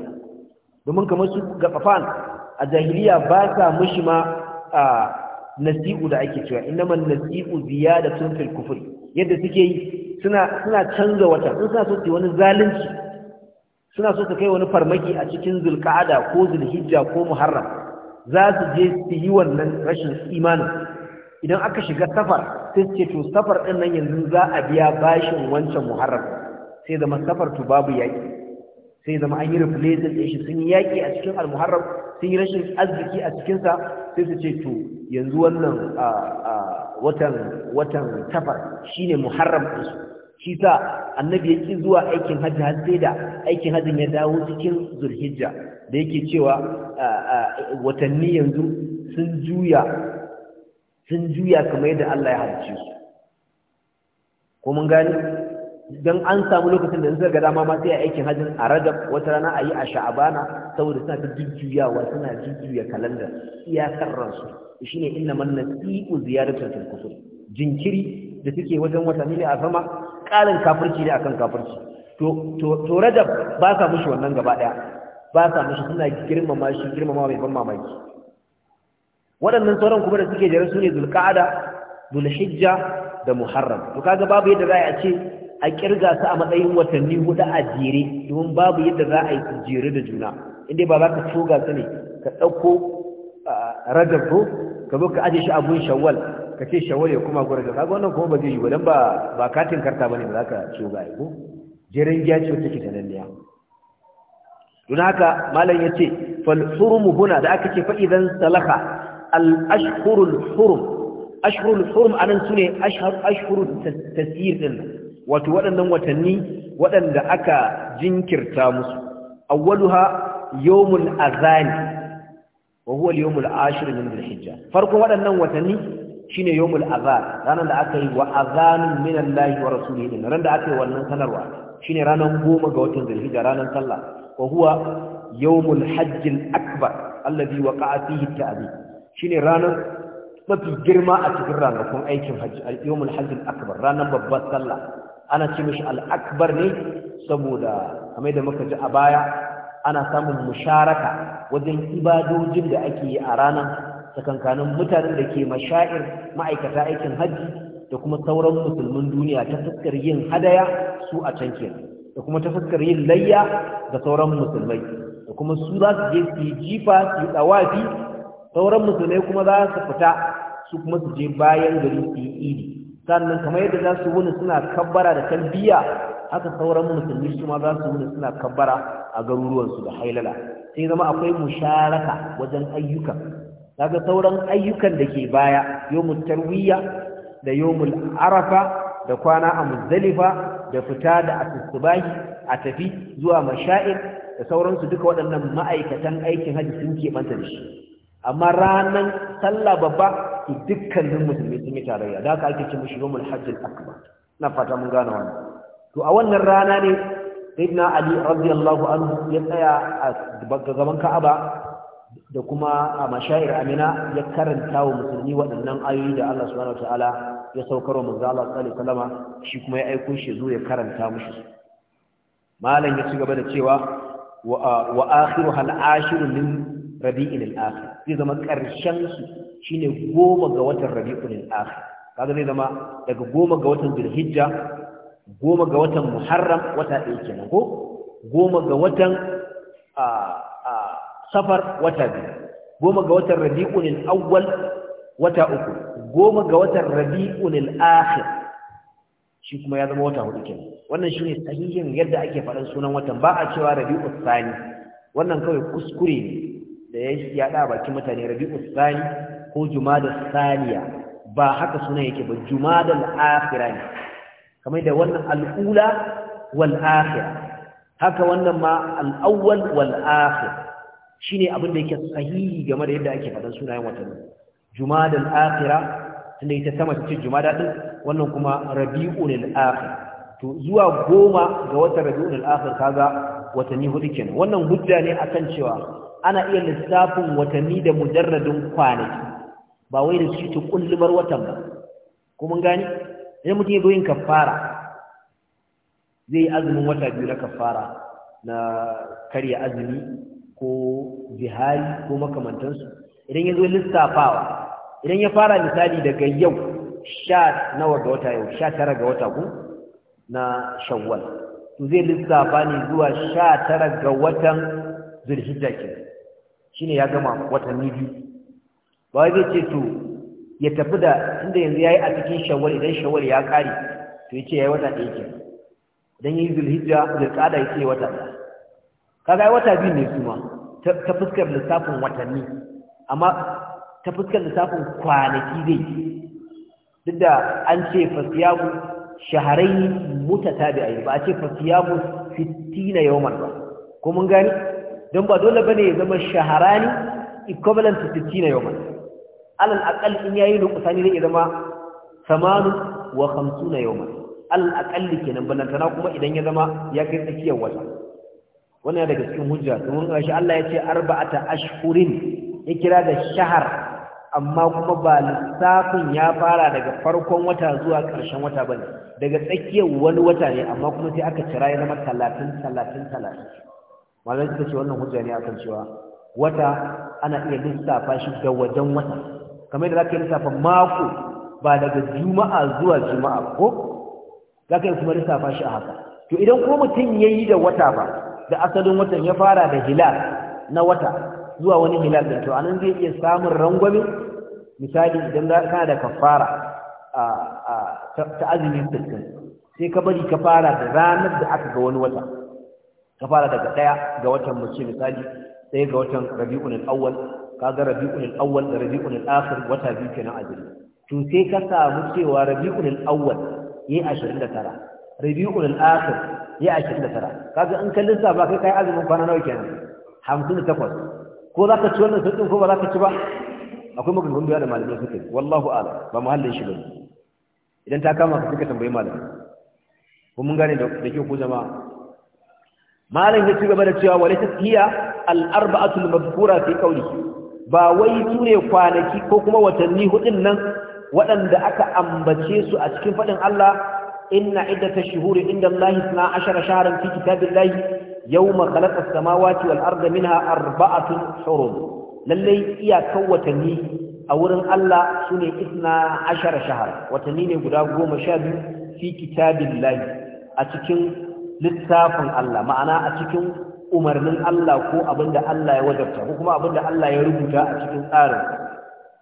domin kamar su gafafan a jahiliya ba sa mushi ma a nasi'u da ake cewa man nasi'u biya da sun fil kufri yadda suke yi suna canza watan, in suna so su wani zalunci suna so su kai wani farmaki a cikin zulka'ada ko zulhijja ko muharram za su je su yi wannan rashin imanin idan aka shiga safar sai su ce to safar ɗin nan yanzu za a biya bashin wancan muharram sai zama safar to babu yaƙi sai zama an yi replacement ɗin shi sun yi yaƙi a cikin almuharram sun yi rashin arziki a cikinsa sai su ce to yanzu wannan ah, ah, watan watan safar shine muharram ɗinsu shi sa annabi yake zuwa aikin hajji har sai da aikin hajjin ya dawo cikin zulhijja da yake cewa watanni yanzu sun juya sun juya kamar yadda Allah ya halice su ko mun gani dan an samu lokacin da zai ga dama ma sai aikin hajjin a Rajab wata rana ayi a Sha'abana saboda suna ta jujjuyawa suna jujjuya kalanda iyakar ransu shine inna man nasi'u ziyaratul kusur. jinkiri da suke wajen watanni ne a sama ƙarin kafirci ne akan kafirci to rajab ba sa mushi wannan gaba ɗaya ba sa mushi suna girmama shi girmama mai ban mamaki waɗannan sauran kuma da suke jere su ne zulka'ada zulhijja da muharram to kaga babu yadda za a ce a kirga su a matsayin watanni huɗu a jere domin babu yadda za a yi su jere da juna inda ba za ka coga su ne ka ɗauko ah, rajab ko ka zo ka aje shi a gun shawwal ka ce shawar ya kuma gurin kaga wannan kuma ba zai yi wadan ba ba katin karta ba ne ba za ka ciwo ga ko jiran giya ce take da lalliya don haka malam yace fal hurum huna da aka ce fa idan salaha al hurum ashhurul hurum anan sune ashhar ashhurut tasyir din wato waɗannan watanni waɗanda aka jinkirta musu awwaluha yawmul azani wa huwa al-yawmul ashir min dhul-hijja farko waɗannan watanni shine yawmul azan ranar da aka yi wa azanun minallahi wa rasulihi ranar da aka yi wannan sanarwa shine ranar goma ga watan zulhijja ranar sallah wa huwa yawmul hajjil akbar alladhi waqa'a fihi ta'zim shine ranar mafi girma a cikin ranakun aikin hajji yawmul akbar ranar babbar sallah ana ce mishi al akbar ne saboda kamar da muka ji a baya ana samun musharaka wajen ibadojin da ake yi a rana. tsakankanin mutanen da ke mashair ma'aikata aikin hajji da kuma sauran musulmin duniya ta fuskar yin hadaya su a can da kuma ta fuskar yin layya ga sauran musulmai da kuma su za su je su yi jifa su yi tsawafi sauran musulmai kuma za su fita su kuma su je bayan gari su yi idi sannan kamar yadda za su wuni suna kabbara da talbiya haka sauran musulmi su ma za su wuni suna kabbara a garuruwansu da hailala sai zama akwai musharaka wajen ayyuka ga sauran ayyukan da ke baya yawmut tarwiya da yawmul arafa da kwana a muzdalifa da fita da asusubahi a tafi zuwa masha'ir da sauransu duka waɗannan ma'aikatan aikin hajji sun keɓanta da shi amma ranar sallah babba dukkanin musulmi sun yi tarayya da aka ake ce mushi yawmul hajjil akbar na fata mun gane wannan to a wannan rana ne sayyidina ali radiyallahu anhu ya tsaya a gaban ka'aba da kuma a mashayar amina ya karanta wa musulmi waɗannan ayoyi da Allah subhanahu wa ta'ala ya saukar wa manzo Allah sallallahu alaihi wasallam shi kuma ya aiko shi zo ya karanta mushi malam ya ci gaba da cewa wa akhiru hal ashir min rabi'il akhir zai zama karshen su shine goma ga watan rabi'ul akhir kaga zai zama daga goma ga watan zulhijja goma ga watan muharram wata ɗaya kenan ko goma ga watan safar wata biyu goma ga watan rabi'un awwal wata uku goma ga watan rabi'un akhir shi kuma ya zama wata hudu kenan wannan shine sahihin yadda ake faɗan sunan watan ba a cewa rabi'u tsani wannan kawai kuskure ne da ya yaɗa bakin mutane rabi'u tsani ko jumada saniya ba haka sunan yake ba jumada al-akhirah ne kamar da wannan al-ula wal haka wannan ma al-awwal wal akhir shine abin da yake sahihi game da yadda ake faɗan sunayen watanni jumadal akhira tunda ita sama ce jumada din wannan kuma rabiul akhir to zuwa goma ga watan rabiul akhir kaga watanni hudu kenan wannan hujja ne akan cewa ana iya lissafin watanni da mujarradin kwanaki ba wai da shi kullumar watan ba kuma gani idan mutum ya yin kafara zai yi azumin wata biyu na kafara na karya azumi ko jihari ko makamantansu idan ya zo lissafawa idan ya fara misali daga yau sha nawa ga wata yau sha tara ga wata ku na shawwal to zai lissafa ne zuwa sha tara ga watan zulhijja ke shine ya gama watanni biyu ba zai ce to ya tafi da inda yanzu yayi a cikin shawwal idan shawwal ya kare to yace yayi wata ɗaya ke idan yi zulhijja zai kada yace wata ɗaya kaga wata biyu ne su ta fuskar lissafin watanni amma ta fuskar lissafin kwanaki dai duk da an ce fasiyamu shaharai mutatabi'ai ba a ce fasiyamu sittina yawman ba ko mun gani don ba dole ba ne ya zama shaharani equivalent to sittina yawman alal aqal in yayi nuqsani ne ya zama samanu wa khamsuna yawman alal aqal kenan bana tana kuma idan ya zama ya kai tsakiyar wata wannan daga cikin hujja domin shi Allah ya ce arba'ata ashhurin ya kira da shahar amma kuma ba lissafin ya fara daga farkon wata zuwa ƙarshen wata bane daga tsakiyar wani wata ne amma kuma sai aka cira ya zama talatin talatin talatin malamai suka ce wannan hujja ne akan cewa wata ana iya lissafa shi da wajen wata kamar yadda za ka yi lissafa mako ba daga juma'a zuwa juma'a ko za ka yi kuma lissafa shi a haka to idan ko mutum ya yi da wata ba da asalin watan ya fara da hilal na wata zuwa wani hilal din to anan zai iya samun rangwame misali idan kana da kafara ta azumin sittin sai ka bari ka fara da ranar da aka ga wani wata ka fara daga daya ga watan mace misali sai ga watan rabi'un al-awwal kaga rabi'un al-awwal da rabi'un al-akhir wata biyu kenan azumi to sai ka samu cewa rabi'un al-awwal yayi 29 rabi'ul akhir ya da 29 kaga in ka lissafa kai kai azumin kwana nawa kenan Hamsin da takwas. ko za ka ci wannan sirrin ko ba za ka ci ba akwai maganganun biya da malamai suke wallahu ala. ba muhallin shi bane idan ta kama ka suka tambayi malamai ko mun gane da ke ku zama? malam ya ci gaba da cewa walatat hiya al-arba'atul madhkura fi qawli ba wai ne kwanaki ko kuma watanni hudun nan waɗanda aka ambace su a cikin faɗin Allah إن عدة الشهور عند الله 12 شهرا في كتاب الله يوم خلق السماوات والأرض منها أربعة حرم للي إيا كوتني أورن الله سنة 12 شهرا وتنيني قدام شاب في كتاب الله أتكن littafin Allah ma'ana a cikin umarnin Allah ko abinda Allah ya wajabta ko kuma abinda Allah ya rubuta a cikin tsarin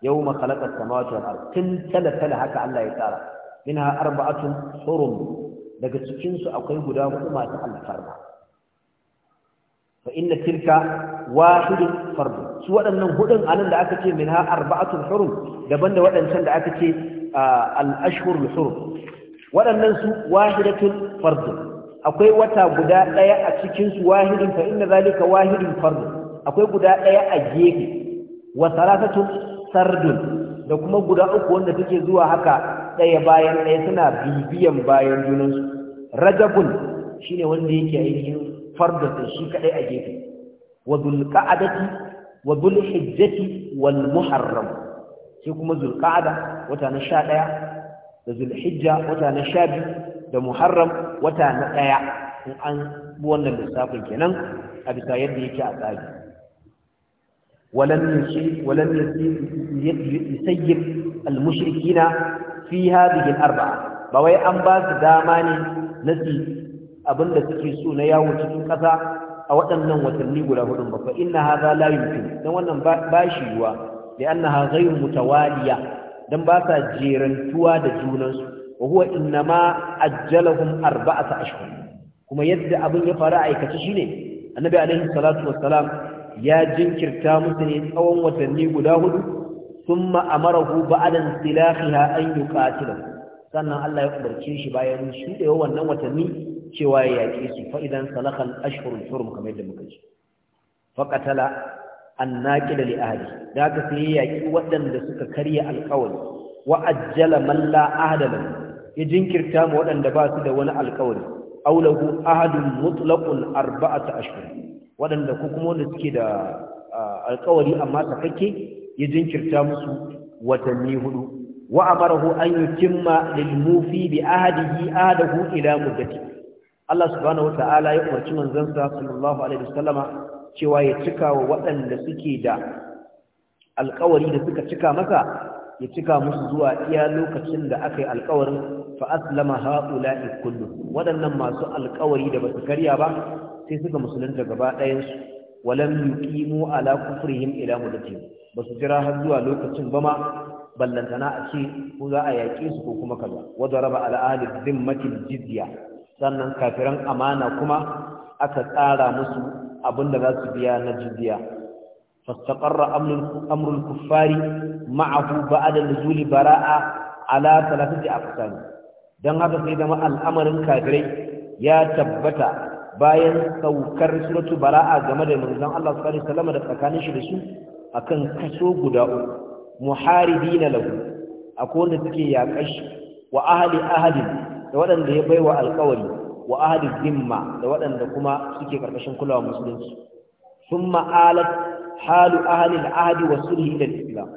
yawma khalaqas samawati wal tun tala tala haka Allah ya tsara minha arba'atun hurum daga cikin su akwai guda hudu masu alfarma fa inna tilka wahidun fardu su waɗannan hudun anan da aka ce minha arba'atun hurum daban da waɗancan da aka ce al-ashhur al-hurum waɗannan su wahidatun fardu akwai wata guda ɗaya a cikinsu wahidin fa inna zalika wahidin fardu akwai guda ɗaya a gefe wa salatatun sardun da kuma guda uku wanda take zuwa haka ɗaya bayan ɗaya suna bibiyan bayan junansu rajabun ne wanda yake ainihin fardata shi kaɗai a gefe wa zulqa'adati wa zulhijjati wal muharram sai kuma zulqa'ada wata na sha ɗaya, da zulhijja wata na 12 da muharram wata na ɗaya in an bi wannan lissafin kenan a bisa yadda yake a tsari ولم يسير ولم يسير يسير المشركين fi hadhihi al-arba'a ba wai an ba su dama ne na abinda suke so na yawo cikin ƙasa a waɗannan watanni guda hudun ba fa inna hadha la yumkin dan wannan ba shi yuwa li annaha ghayru mutawaliya dan ba sa jerantuwa da junansu wa huwa innama ajjalahum arba'ata ashhur kuma yadda abin ya faru a aikace shine annabi alaihi salatu wassalam ya jinkirta musu ne tsawon watanni guda hudu ثم أمره بعد انطلاقها أن يقاتله sannan Allah ya umarce shi bayan shuɗewa wannan watanni cewa ya yaƙe shi. fa idan salakal ashhurul hurum kamar yadda muka ji fa qatala annaqila li ahli ka sai ya yaƙi waɗanda suka karya alƙawari wa ajjala man la ahda lahu ya jinkirta mu waɗanda ba su da wani alƙawari aw lahu ahadun mutlaqun arba'ata ashhur waɗanda ko kuma wanda suke da ah, alƙawari amma sakakke ya jinkirta musu watanni hudu wa amarahu an yutimma lil mufi bi ahadihi ahadahu ila Allah subhanahu wataala ya umarci manzansa sallallahu alaihi wasallama cewa ya cika wa waɗanda suke da alƙawari da suka cika masa ya cika musu zuwa iya lokacin da aka yi alƙawarin fa aslama haula'i kullu waɗannan masu alƙawari da basu karya ba sai suka musulunta gaba ɗayansu. su walam yuqimu ala kufrihim ila muddatihim ba su jira har zuwa lokacin ba ma ballantana a ce ko za a yaƙe su ko kuma kaza wadda raba al'adar zimmatin jizya sannan kafiran amana kuma aka tsara musu abin da za su biya na jizya fastaqarra amrul kuffari ma'ahu ba'da nuzuli bara'a ala thalathati aqsam dan haka sai zama al'amarin kafirai ya tabbata bayan saukar suratu bara'a game da manzon Allah sallallahu alaihi wasallam da tsakanin shi da su akan kaso guda uku muharibina lahu akwai wanda suke yaƙashi wa ahli ahli da waɗanda ya baiwa alƙawari wa ahli zimma da waɗanda kuma suke ƙarƙashin kulawa musulunci sun alat halu ahli al wa sulhi da al-islam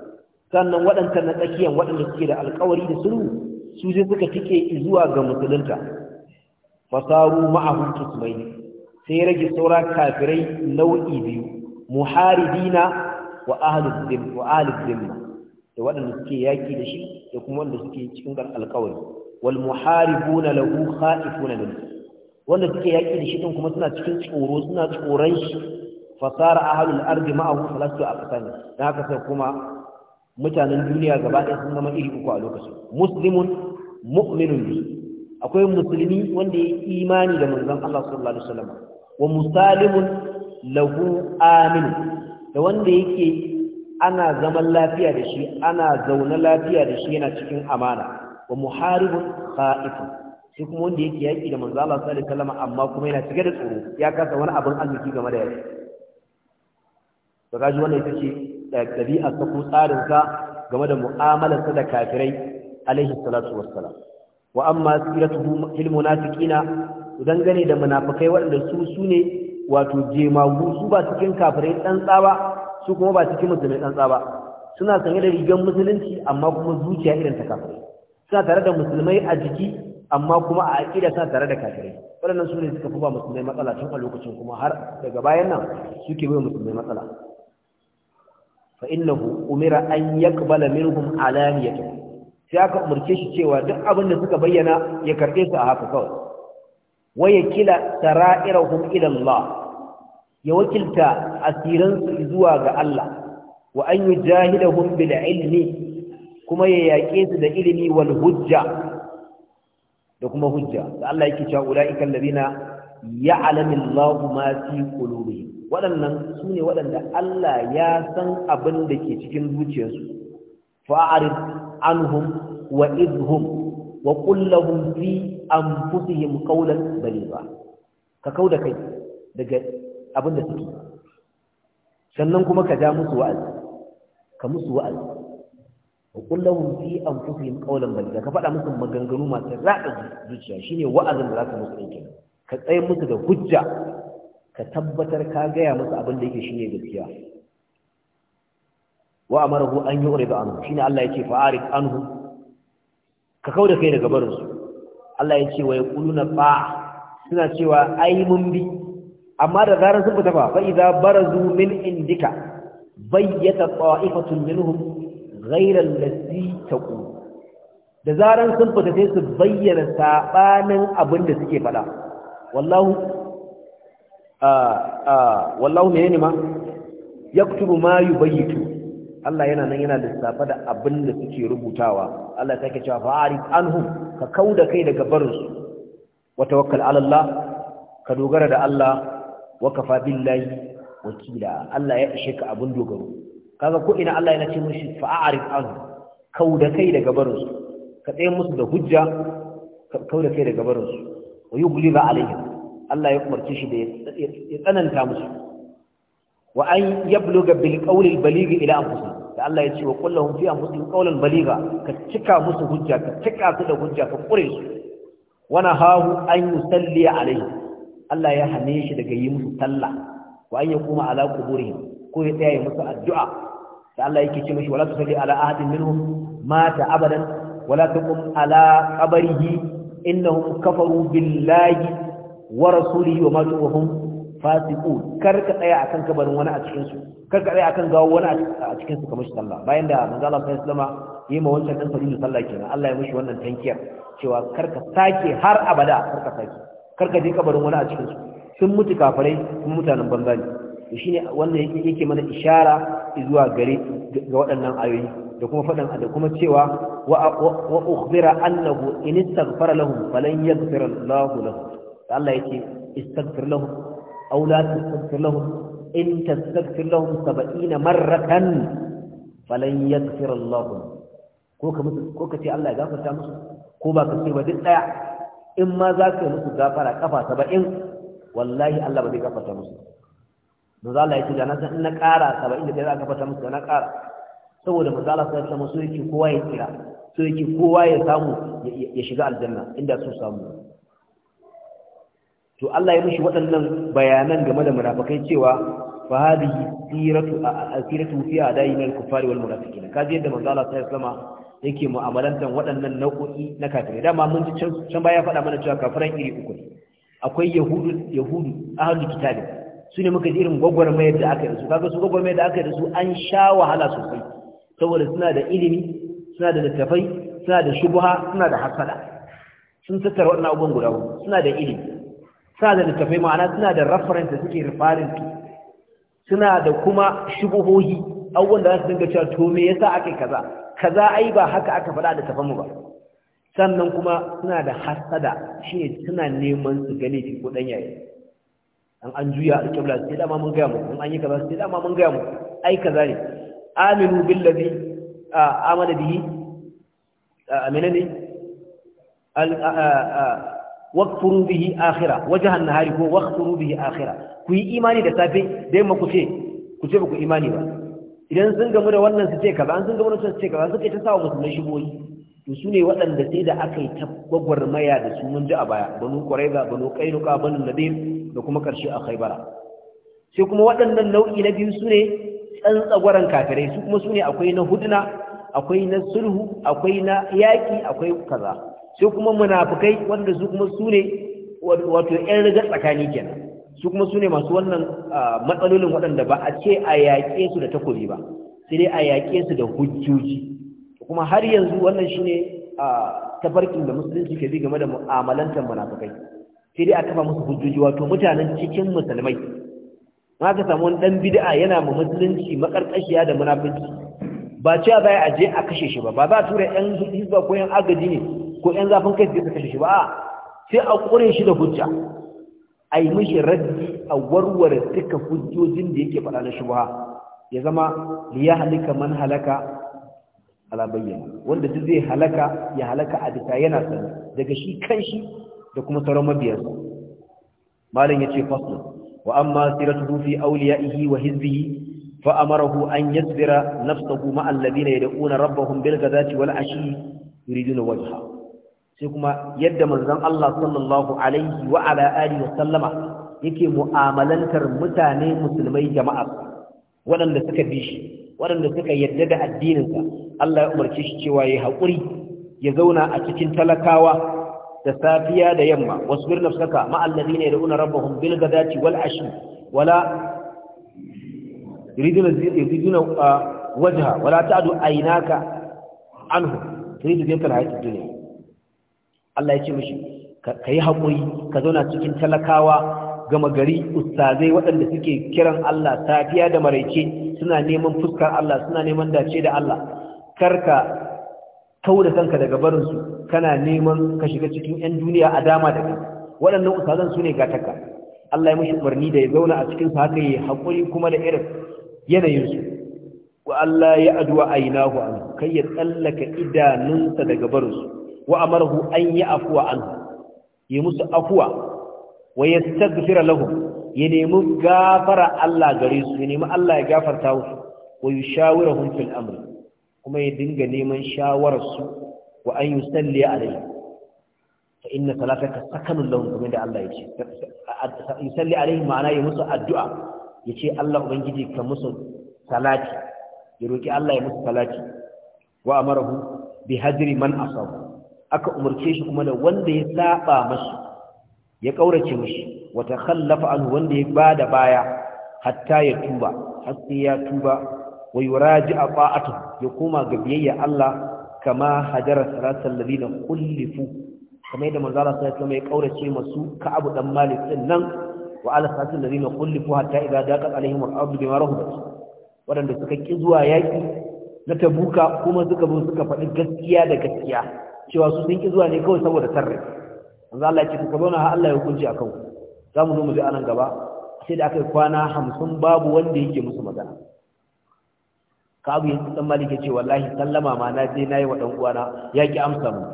sannan waɗanda na tsakiyan waɗanda suke da alƙawari da sulhu su sai suka tike zuwa ga musulunta fasaru ma'ahum kismaini sai rage saura kafirai nau'i biyu muharibina wa ahlus zim wa ahlus zimma da waɗanda suke yaki da shi da kuma wanda suke cikin gar alƙawari wal muharibuna lahu khaifuna min wanda suke yaki da shi din kuma suna cikin tsoro suna tsoron shi fasara ahlul ardi ma'ahu salatu aqsan dan haka sai kuma mutanen duniya gaba ɗaya sun zama iri uku a lokacin muslimun mu'minun bi akwai musulmi wanda ya imani da manzon Allah sallallahu alaihi wasallam wa musalimun lahu amin da wanda yake ana zaman lafiya da shi ana zaune lafiya da shi yana cikin amana wa muharibun kha'ifu shi kuma wanda yake yaki da manzo Allah sallallahu alaihi wasallam amma kuma yana cike da tsoro ya kasa wani abin arziki game da yaki to kaji wannan yake ce dabi'a ta ku tsarin ka game da mu'amalar sa da kafirai alaihi salatu wassalam wa amma siratu lil munafiqina dangane da munafikai waɗanda su sune wato jemagu su ba cikin kafirai tsantsa ba su kuma ba cikin musulmai tsantsa ba suna sanye da rigar musulunci amma kuma zuciya irin ta kafirai suna tare da musulmai a jiki amma kuma a aƙida suna tare da kafirai waɗannan su ne suka fi ba musulmai matsala tun a lokacin kuma har daga bayan nan suke bai musulmai matsala fa innahu umira an yaqbala minhum alaniyatan sai aka umarce shi cewa duk abin da suka bayyana ya karɓe su a haka kawai waya kila sara'irahum ila Allah ya wakilta asiransu zuwa ga Allah wa an yujahidahum bil ilmi kuma ya yake su da ilimi wal hujja da kuma hujja da Allah yake cewa ulaika allazina ya Allahu ma fi qulubihim waɗannan sune waɗanda Allah ya san abin da ke cikin zuciyarsu fa'arid anhum wa idhum wa qul lahum fi anfusihim qawlan baliga ka kauda kai daga abin da suke sannan kuma ka ja musu wa'azi ka musu wa'azi wa kullahum fi anfusihim qawlan baligha ka faɗa musu maganganu masu rada zuciya shine wa'azin da zaka musu aikin ka tsaye musu da hujja ka tabbatar ka gaya musu abin da yake shine gaskiya wa amarahu an yu'rid anhu shine Allah yake fa'arid anhu ka kauda kai daga barin su Allah yake wa yaquluna ba suna cewa ai mun bi amma da zarar sun fita fa fa idza barazu min indika bayyata ta'ifatun minhum ghayra allati taqul da zarar sun fita sai su bayyana sabanin abin da suke fada wallahu a wallahu menene ma yaktubu ma yubayitu Allah yana nan yana lissafa da abin da suke rubutawa Allah ya sake cewa fa'arif anhum ka kauda kai daga barinsu wa tawakkal ala Allah ka dogara da Allah wa kafa billahi wakila Allah ya ishe ka abun dogaro kaga ko ina Allah ya ce mushi fa'arid an kau da kai daga barin su ka tsaye musu da hujja kau da kai daga barin su wa yughliba alaihim Allah ya umarce shi da ya tsananta musu wa an yabluga bil qawli al baligh ila anfusihim da Allah ya ce wa qul lahum fi anfusihim qawlan baligha ka cika musu hujja ka cika su da hujja ka kure su wa nahahu an yusalli alaihim Allah ya hane shi daga yi musu talla wa an yakuma ala quburihim ko ya tsaya musu addu'a da Allah yake ce mishi wala tusalli ala ahadin minhum mata abadan wala ta taqum ala qabrihi innahum kafaru billahi wa rasulihi wa matu wa hum fasiqun kar ka tsaya akan kabarin wani a cikin su kar ka tsaya akan gawo wani a cikin su kamar shi talla. bayan da manzo Allah sallallahu alaihi yi ma wancan dan sallu sallah kenan Allah ya mishi wannan tankiyar cewa kar ka sake har abada kar ka sake karka je kabarin wani a cikinsu. sun mutu kafirai sun mutanen banza ne shine wannan yake yake mana ishara zuwa gare ga waɗannan ayoyi da kuma faɗin da kuma cewa wa ukhbira annahu in istaghfara lahum falan yaghfira Allahu lahum Allah yake istaghfir lahum aw la tastaghfir lahum in tastaghfir lahum 70 marratan falan yaghfir Allahu ko ka ko ka ce Allah ya gafarta musu ko ba ka ce ba duk daya in ma za ka yi musu gafara kafa saba'in wallahi Allah ba zai gafarta musu za Allah ya ce da na in na ƙara saba'in da za ka gafarta musu da na ƙara saboda manzo Allah sai ta samu so yake kowa ya tsira so yake kowa ya samu ya shiga aljanna inda su samu to Allah ya mishi waɗannan bayanan game da munafikai cewa فهذه سيرة سيرة في أداء من الكفار والمنافقين كذا يد من الله تعالى سما yake mu'amalantan waɗannan nau'o'i na kafirai dama mun ci can baya faɗa mana cewa kafiran iri uku akwai yahudu yahudu ahlul kitabi su ne muka ji irin gwagwarmayar da aka yi da su kaga su gwagwarmayar da aka yi da su an sha wahala sosai saboda suna da ilimi suna da littafai suna da shubuha suna da hasada sun tattara wannan abubuwan guda hudu suna da ilimi suna da littafai ma'ana suna da reference da suke referring to suna da kuma shubuhohi abubuwan da za su dinga cewa to me yasa ake kaza kaza ai ba haka aka faɗa da tafanmu ba sannan kuma suna da hasada shine suna neman su gane fi ko dan yayi an an juya alƙibla sai dama mun ga mu an yi kaza sai dama mun ga mu ai kaza ne aminu billazi amana bihi amina ne al waqfuru bihi akhira wajhan nahari ko waqfuru bihi akhira ku yi imani da safe dai ma ku ce ku ce ba ku imani ba idan sun gamu da wannan su ce kaza an sun gamu da wannan su ce kaza suka yi ta sawa musulmai shigoyi to su ne waɗanda sai da aka yi tabbagwar maya da su mun ji a baya banu ƙwaraiza banu ƙainuka banu nadir da kuma ƙarshe a khaibara sai kuma waɗannan nau'i na biyu su ne tsantsagwaran kafirai su kuma su ne akwai na huduna akwai na sulhu akwai na yaƙi akwai kaza sai kuma munafukai wanda su kuma su ne wato ƴan rigar tsakani kenan su kuma sune masu wannan matsalolin waɗanda ba a ce a yaƙe su da takobi ba sai dai a yaƙe su da hujjoji kuma har yanzu wannan shi ne tafarkin da musulunci ke bi game da mu'amalantar munafukai sai dai a kafa musu hujjoji wato mutanen cikin musulmai ma ka samu wani ɗan bid'a yana ma musulunci maƙarƙashiya da munafiki ba cewa baya a je a kashe shi ba ba za a tura 'yan hizba ko 'yan agaji ne ko 'yan zafin kai su kashe shi ba sai a ƙure shi da hujja a yi mishi raddi a warware duka hujjojin da yake faɗa na shubha ya zama liya halika man halaka ala wanda duk zai halaka ya halaka a bisa yana sani daga shi kanshi da kuma sauran mabiyarsa malam ce fasl wa amma siratuhu ya ihi wa hizbihi fa amarahu an yasbira nafsuhu ma alladhina yad'una rabbahum bil ghadati wal ashi yuriduna wajha sai kuma yadda manzon Allah sallallahu alaihi wa ala alihi sallama yake mu'amalantar mutane musulmai jama'a waɗanda suka bi shi waɗanda suka yadda da addininsa Allah ya umarce shi cewa yayi haƙuri ya zauna a cikin talakawa da safiya da yamma wasbir nafsaka ma alladhina yad'una rabbahum bil ghadati wal ashi wala yuriduna yuriduna uh, wajha wala ta'du aynaka anhu turidu zinta al hayat ad-dunya Allah ya ce mishi ka yi haƙuri ka zauna cikin talakawa gama gari ustazai waɗanda suke kiran Allah safiya da maraice suna neman fuskar Allah suna neman dace da Allah karka ka da kanka daga barinsu kana neman ka shiga cikin 'yan duniya a dama da kai waɗannan ustazan su ne gataka Allah ya mashi umarni da ya zauna a cikin su haka ya haƙuri kuma da irin yanayinsu wa Allah ya aduwa ainahu an kai ya tsallaka idanunsa daga barinsu wa amarahu an yi afuwa an yi musu afuwa wa ya yastaghfira lahum ya nemi gafara Allah gare su ya nemi Allah ya gafarta musu wa yushawirahum fil amri. kuma ya dinga neman shawararsu. wa an yi salli yusalli alayhi fa inna salataka sakanun lahum kuma da Allah ya ce yusalli alayhi ma'ana ya musu addu'a ya ce Allah ubangiji ka musu salati ya roƙi Allah ya musu salati wa amarahu bi hajiri man asabu aka umarce shi kuma da wanda ya saba mashi ya kaurace mashi wata khallafa an wanda ya bada baya hatta ya tuba har sai ya tuba wa yuraji'a ta'atu ya koma ga biyayya Allah kama hajara salatal ladina kullifu kama yadda manzo Allah sallallahu ya kaurace masu Ka'ab dan Malik din nan wa ala salatal ladina kullifu hatta idza daqat alaihim al-ardu bima rahabat wadanda suka ki zuwa yaki na tabuka kuma suka suka faɗi gaskiya da gaskiya cewa su sun ki zuwa ne kawai saboda tarre. manzo Allah ya ce ku zauna har Allah ya hukunci a kanku za mu zo mu je a nan gaba sai da aka yi kwana hamsin babu wanda yake musu magana kabu yin dan malik ya ce wallahi sallama ma na je na yi wa dan uwana ya ki amsa mu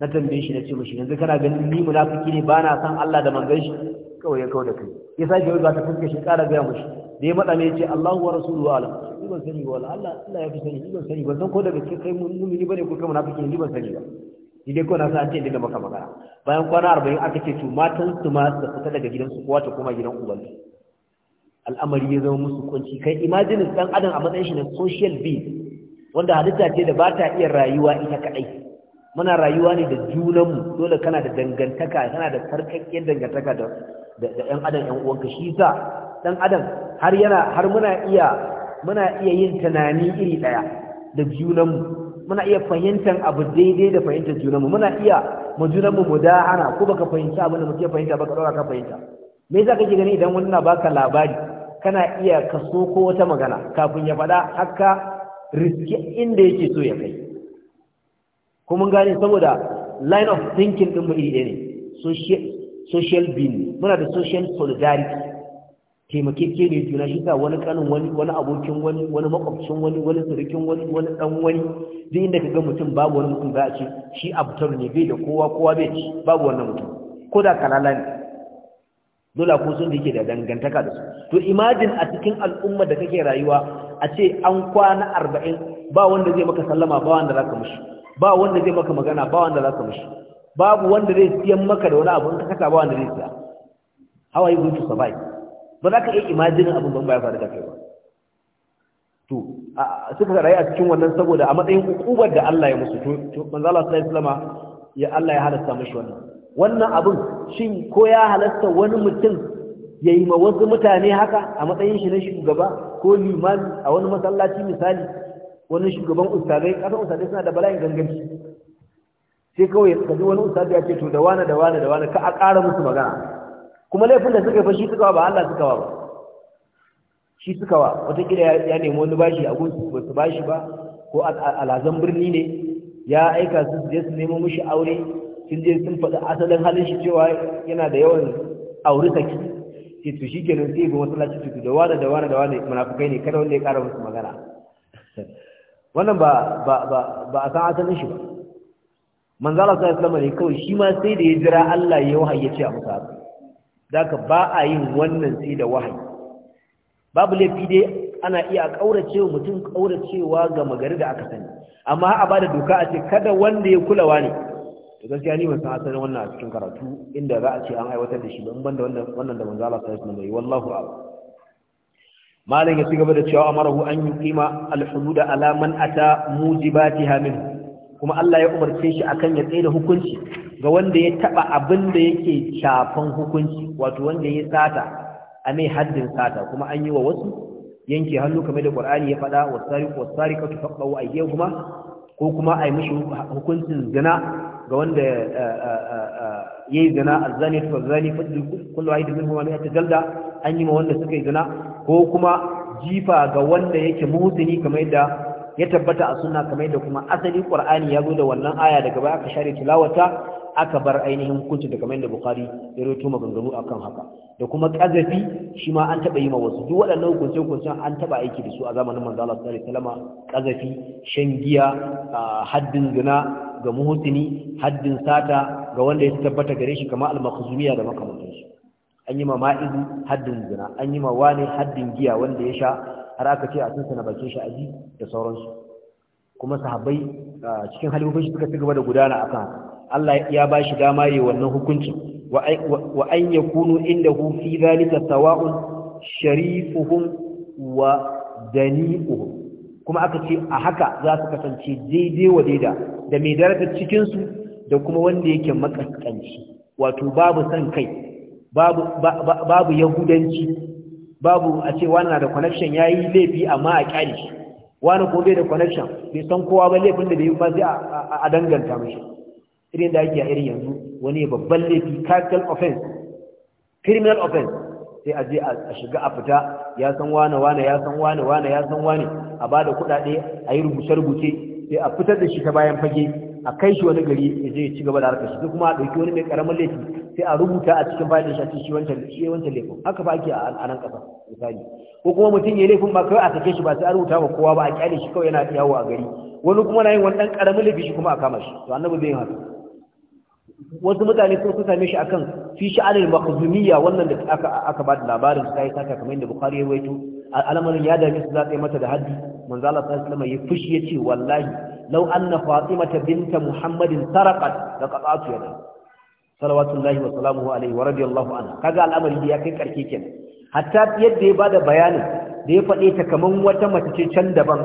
na tambaye shi na ce mishi yanzu kana ganin ni munafiki ne ba na san Allah da manzon shi kawai ya kawo da kai ya sake yau ba ta fuske shi ƙara gaya mishi da ya matsa ne ya ce Allahu wa rasuluhu alam ni ban sani wala Allah Allah ya fi sani ni ban sani ban san ko daga cikin kai mu'mini bane ko kai munafiki ni ban sani ba ni dai ko na san an ce dinga maka magana bayan kwana 40 aka ce to matan su ma su fita daga gidansu kowa ta koma gidan ubansu al'amari ya zama musu kunci kai imajinin dan adam a matsayin shi na social being wanda halitta ce da ba ta iya rayuwa ita kadai muna rayuwa ne da junanmu dole kana da dangantaka kana da sarkakken dangantaka da da ƴan adam ƴan uwanka shi sa dan adam har yana har muna iya muna iya yin tunani iri daya da mu muna iya fahimtar abu daidai da fahimtar junanmu muna iya mu mu mudahana ko baka fahimci abin da muke fahimta baka dora ka fahimta me yasa kake gani idan wani na baka labari kana iya kaso ko wata magana kafin ya faɗa haka riske, inda yake so ya kai ko mun gane saboda line of thinking mu iri ɗaya ne social being muna da social solidarity taimakeke ne juna shi sa wani kanin wani wani abokin wani wani makwabcin wani wani surukin wani wani dan wani duk inda ka ga mutum babu wani mutum za a ce shi abtar ne bai da kowa kowa bai ci babu wannan mutum ko da kalala ne dole ko sun da yake da dangantaka da su to imagine a cikin al'umma da kake rayuwa a ce an kwana arba'in ba wanda zai maka sallama ba wanda zaka mishi ba wanda zai maka magana ba wanda zaka mishi babu wanda zai siyan maka da wani abu in ka kasa ba wanda zai siya how are you going to survive ba za ka iya imajinin abin ban baya faru da kai ba to suka rayu a cikin wannan saboda a matsayin ƙubar da Allah ya musu to manzo Allah sallallahu alaihi wasallama ya Allah ya halasta mishi wannan wannan abin shin ko ya halasta wani mutum ya yi ma wasu mutane haka a matsayin shi na shugaba ko liman a wani masallaci misali wani shugaban ustadai kasan ustadai suna da bala'in ganganci sai kawai ka ji wani ustadai ya ce to da wani da wani da wani ka a ƙara musu magana kuma laifin da suka yi fashi suka wa ba Allah suka wa ba shi suka wa watakila ya nemi wani bashi a gudu ba su bashi ba ko alazan birni ne ya aika su je su nemo mushi aure sun je sun faɗi asalin halin shi cewa yana da yawan aure saki ke to shi kenan sai ga masallaci tutu da wani da wani da wani munafukai ne kada wanda ya ƙara musu magana wannan ba ba ba ba a san asalin shi ba manzala sallallahu alaihi wasallam ne kawai shi ma sai da ya jira Allah ya wahayyace a musa daga ba a yin wannan sai da wahayi babu laifi dai ana iya kauracewa mutum kauracewa ga magari da aka sani amma a bada doka a ce kada wanda ya kulawa ne to gaskiya ni ban san asalin wannan a cikin karatu inda za a ce an aiwatar da shi ban banda wannan wannan da manzo Allah sallallahu alaihi wasallam bai wallahu a'lam malam ya ci gaba da cewa amarahu an yuqima al-hududa ala man ata mujibatiha min kuma Allah ya umarce shi akan ya tsaye da hukunci ga wanda ya taba abin da yake shafan hukunci wato wanda ya sata a mai haddin sata kuma an yi wa wasu yanke hannu kamar da ƙwar'ani ya faɗa wasariqu a faqaw kuma. ko kuma ai mishi hukuncin zina ga wanda eh, eh, eh, ya yi zina azani kullum zani fa kullu wahid minhum ma yatajalda an yi ma wanda suka yi zina ko kuma jifa ga wanda yake mutuni kamar da ya tabbata a suna, kamar da kuma asali ƙwar'ani ya zo da wannan aya daga baya aka share tilawata aka bar ainihin hukuncin da kamar yadda Bukhari ya rawaito maganganu akan haka da kuma kazafi shi ma an taba yi ma wasu duk waɗannan hukunce hukuncen an taba aiki da su a zamanin manzo Allah sallallahu alaihi wasallam kazafi shan giya haddin zina ga muhsini haddin sata ga wanda ya tabbata gare shi kamar al-makhzumiya da makamantansu an yi ma ma'izu haddin zina an yi ma wani haddin giya wanda ya sha har aka ce a tunsa na bakin shi aji da sauransu kuma sahabbai cikin halifofin shi suka ci gaba da gudana akan haka Allah ya ba shi dama yi wannan hukuncin wa an ya kunu inda fi zalika sawa'un sharifuhum wa dani'uhum kuma aka ce a haka za su kasance daidai wa daida da mai darajar cikinsu da kuma wanda yake makaskanci wato babu son kai babu babu yahudanci babu a ce wani na da connection ya yi laifi amma a kyale shi wani ko bai da connection bai san kowa ba laifin da bai yi ba sai a danganta mashi irin da ake a irin yanzu wani babban laifi capital offense criminal offense sai a je a shiga a fita ya san wane wane ya san wane wane ya san wane a bada kuɗaɗe a yi rubuce-rubuce sai a fitar da shi ta bayan fage a kai shi wani gari ya je ya ci gaba da harkar shi kuma a ɗauki wani mai ƙaramin laifi sai a rubuta a cikin bayan shi a cikin shi wancan laifin haka ba ake a nan ƙasa misali ko kuma mutum ya laifin ba kawai a sake shi ba sai a rubuta wa kowa ba a kyale shi kawai yana yawo a gari wani kuma na yin wani ɗan ƙaramin laifi shi kuma a kama shi to annabi bai yi haka wasu mutane sun same shi akan fi sha'anil makhzumiyya wannan da aka aka ba da labarin sai ta kamar yadda bukhari ya waito al'amarin ya dame su za ta yi mata da haddi manzo Allah sallallahu alaihi wasallam ya fushi yace wallahi law anna fatimata binta muhammadin sarqat laqata'tu yadaha salawatullahi wa salamuhu alaihi wa radiyallahu anha kaga al'amari ya kai karke kenan hatta yadda ya bada bayanin da ya fade ta kaman wata mace ce can daban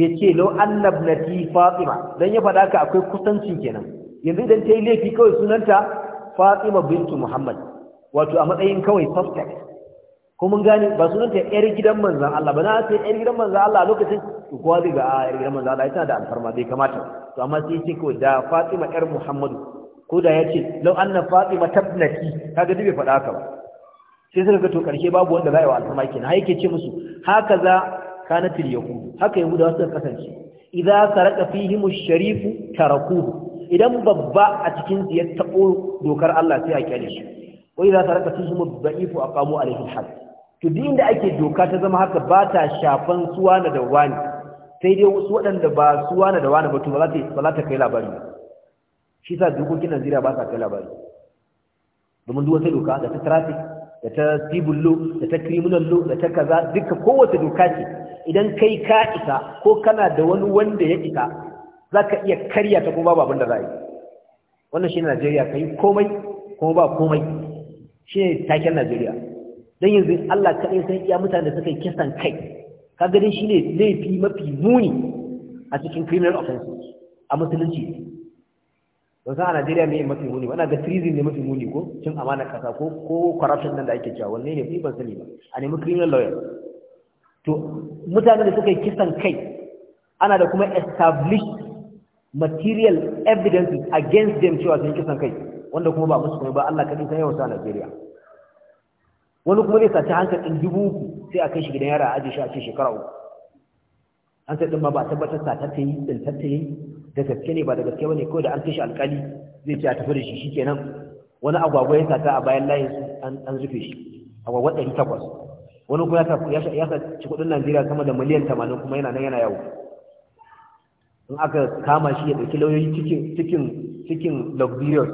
bai ce law anna ibnati fatima dan ya fada ka akwai kusancin kenan yanzu idan ta yi laifi kawai sunanta fatima bintu muhammad wato a matsayin kawai suspect ko mun gane ba sunanta yar gidan manzan Allah ba na sai yar gidan manzan Allah a lokacin to kowa zai ga a ah, yar gidan manzan Allah tana da alfarma bai kamata to amma sai ce kawai da fatima yar muhammadu ko da ya ce lau anna fatima tabnati kaga duk bai faɗa haka ba sai suka ga to karshe babu wanda za a yi wa alfarma kenan Haike ce musu haka za kanatil yahud haka yahudawa suka kasance idza saraka fihim ash Sharifu tarakuhu idan babba a cikin ya taɓo dokar Allah sai a kyale shi wai za ta raka su mu da'ifu a kamo to din da ake doka ta zama haka ba ta shafan suwa na da wani sai dai wasu waɗanda ba suwa na da wani ba to ba za ta kai labari shi sa dokokin Najeriya ba sa kai labari domin duk wata doka da ta traffic da ta civil law da ta criminal law da ta kaza duka kowace doka ce idan kai ka isa ko kana da wani wanda ya isa za ka iya karya ta kuma babu abin da za a yi wannan shi ne najeriya ka yi komai kuma ba komai shi ne taken najeriya don yanzu allah kaɗai sai iya mutane da suka yi kisan kai kaga dai shi ne laifi mafi muni a cikin criminal offenses a musulunci don sa a najeriya ne mafi muni wana ga treason ne mafi muni ko cin amana kasa ko ko corruption nan da ake cewa wanne ne fi ban sani ba a nemi criminal lawyer to mutane da suka yi kisan kai ana da kuma established material evidences against them cewa sun kisan kai wanda kuma ba musu kuma ba Allah kadai san yawan sa Najeriya wani kuma zai saci hankalin dubu uku sai a kai shi gidan yara a aje shi a ce shekara uku Hankali din ma ba tabbatar sa ta yi din ta yi da gaske ne ba da gaske bane kawai da an kai shi alkali zai ce a tafi da shi shikenan wani agwagwa ya sata a bayan layin an rufe shi agwagwa ɗari takwas wani kuma ya ci kuɗin Najeriya sama da miliyan tamanin kuma yana nan yana yawo in aka kama shi ya ɗauki lauyoyi cikin cikin luxurious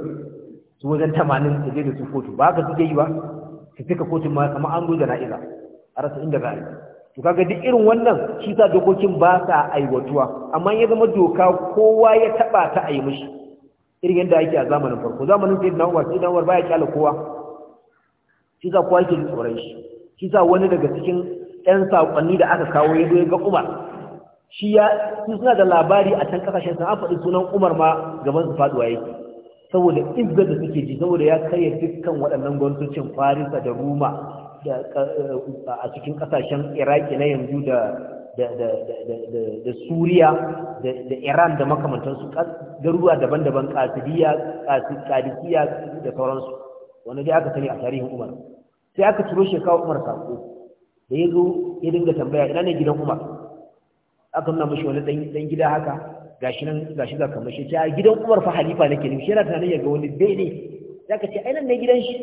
su wajen tamanin da zai da su kotu ba ka suke yi ba su fika kotun ma kamar an zo da na'iza a rasa inda za a yi to kaga duk irin wannan shi sa dokokin ba sa aiwatuwa amma ya zama doka kowa ya taɓa ta a yi mishi irin yadda ake a zamanin farko zamanin sai na umar sai na umar baya kyala kowa shi sa kowa yake tsoron shi shi sa wani daga cikin 'yan saƙonni da aka kawo ya zo ya ga umar shi ya su suna da labari a can kasashen sun faɗi sunan umar ma gaban su faɗuwa yake saboda izgar da suke ji saboda ya karya dukkan waɗannan gwamnatocin farisa da roma eh, a cikin kasashen iraki na yanzu da da suriya da iran da makamantansu garuruwa daban-daban kadisiya da sauransu wanda dai aka sani a tarihin umar sai aka turo shekawa umar sako da ya zo ya dinga tambaya ina ne gidan umar aka nuna mashi wani dan gida haka gashi nan gashi ga kamar shi ta gidan Umar fa halifa nake ne shi yana tunanin ya ga wani bene zaka ce ai nan ne gidan shi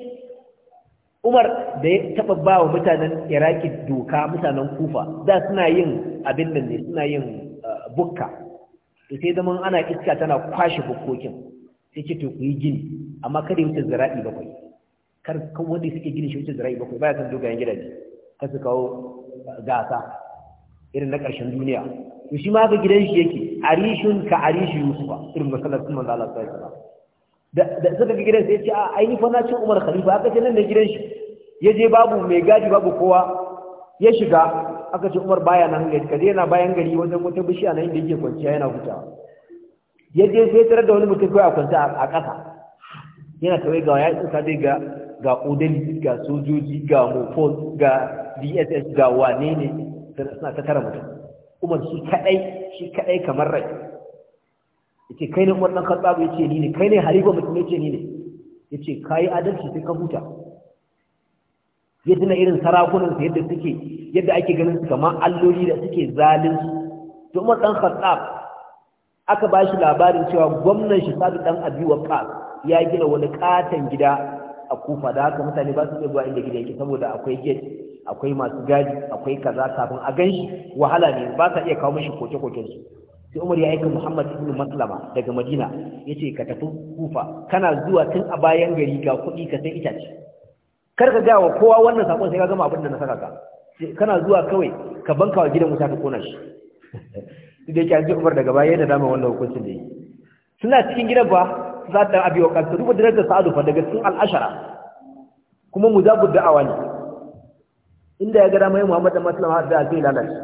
Umar da ya taba ba wa mutanen Iraki doka mutanen Kufa da suna yin abin nan ne suna yin eh, bukka to sai zaman ana iska tana kwashe bukkokin sai ce to ku yi gini amma kada wuce zira'i bakwai kar kan wanda suke gini shi wuce zira'i bakwai baya san dogayen gidaje kar su kawo eh, gasa irin na ƙarshen duniya to shi ma ga gidan shi yake arishun ka arishu yusufa irin masallacin manzo Allah sallallahu alaihi da suka ga gidan sai ya ce a ai ni fa na ce Umar Khalifa aka ce nan ne gidan shi ya je babu mai gadi babu kowa ya shiga aka ce Umar baya nan gari kaje yana bayan gari wajen wata bishiya nan da yake kwanciya yana hutawa ya je sai tare da wani mutum kai a kwanta a ƙasa yana kawai ga ya tsuka dai ga ga odeli ga sojoji ga mofo ga dss ga wane ne suna ta tara mutum umar su kadai shi kadai kamar rai yace kai ne umar dan khattab yace ni ne kai ne halifa mutum yace ni ne yace kai adalci sai ka huta Ya tuna irin sarakunan su yadda suke yadda ake ganin su kamar alloli da suke zalunci to umar dan khattab aka ba shi labarin cewa gwamnan shi sabu dan abi waqas ya gina wani katon gida a kufa da haka mutane ba su iya zuwa inda gidan yake saboda akwai gate akwai masu gadi akwai kaza kafin a ganshi, wahala ne ba sa iya kawo mishi koke-koken su sai umar ya aika muhammad ibn maslama daga madina ya ce ka tafi kufa kana zuwa tun a bayan gari ga kuɗi ka sai itace kar ka gaya wa kowa wannan sakon sai ka gama abin da na saka ka kana zuwa kawai ka banka wa gidan wuta ka kona shi duk da yake umar daga baya yana dama wannan hukuncin da yake suna cikin gidan ba za abi wa kansa duk da sa'adu fa daga cikin al'ashara kuma mujabud da'awa ne inda ya ga mai Muhammad da har da zai lalace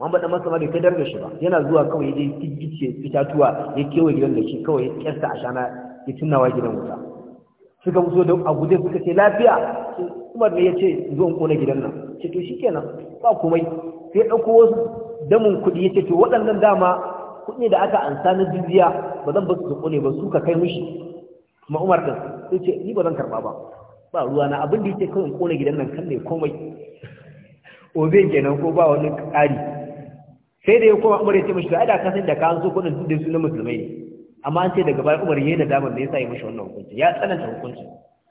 Muhammad da Muslim bai kadar da shi ba yana zuwa kawai yaje kigice fitatuwa ya kewa gidan da shi kawai ya kyarta ashana ya tunawa gidan wuta suka muso da a guje suka ce lafiya Umar ne yace zo in kona gidan nan ce to shikenan ba komai sai dauko wasu damun kudi yace to waɗannan dama kuɗi da aka ansa na jizya ba zan basu su kone ba su ka kai mushi kuma Umar din sai ce ni ba zan karɓa ba ba ruwa na abin da yake kawai kone gidan nan kan ne komai obe kenan ko ba wani ƙari sai da ya koma Umar ya ce mashi ba'ada da ka san da ka an so kuɗin da su na musulmai ne amma an ce daga baya Umar ya da nadamar da yasa ya mashi wannan hukunci ya tsananta hukunci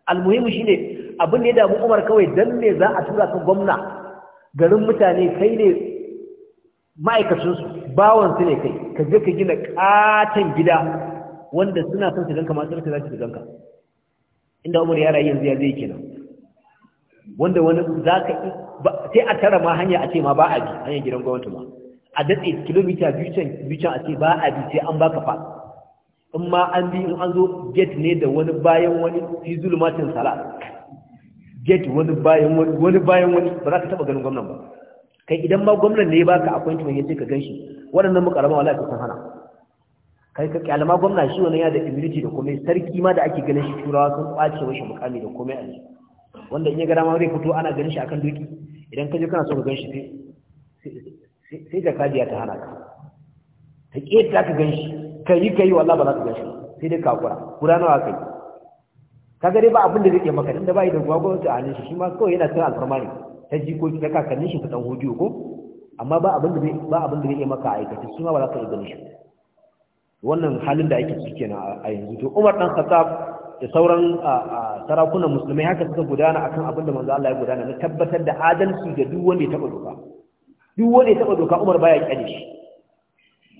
almuhimu shine abin da ya damu Umar kawai dan ne za a tura ka gwamna garin mutane kai ne ma'aikacinsu bawansu ne kai ka je ka gina katon gida wanda suna son su ganka ma sarki za su ganka inda umar ya rayu yanzu ya zai kenan wanda wani za ka sai a tara ma hanya a ce ma ba a bi hanyar gidan gwamnati ma a datse kilomita biyu can a ce ba a bi sai an baka fa in ma an bi in an zo get ne da wani bayan wani fi zulmatin sala get wani bayan wani wani bayan wani ba za ka taba ganin gwamnan ba kai idan ma gwamnan ne ba ka appointment ya ce ka ganshi waɗannan mukarama wala ka san hana kai ka kyalama gwamna shi wannan ya da immunity da komai sarki ma da ake ganin shi turawa sun kwace shi mukami da komai a wanda in ya gara ma zai fito ana ganin shi akan doki idan ka je kana so ka ganshi sai sai da kadiya ta hana ka ta ta ka ganshi kai kai wallahi ba za ka ganshi sai dai ka kura nawa kai kaga dai ba abin da zai ke maka dan da bai da gwagwarci a halin shi shi ma kawai yana cin alfarma ne ta jikoki ta kakannin shi ta dan hodiyo ko amma ba abin da ba abin da yake maka aikata ba za ka gani shi wannan halin da ake ciki kenan a yanzu to Umar dan Khattab da sauran sarakunan musulmai haka suka gudana akan abin da manzo Allah ya gudana na tabbatar da adalci ga duk wanda ya taba doka duk wanda ya taba doka Umar baya kyale shi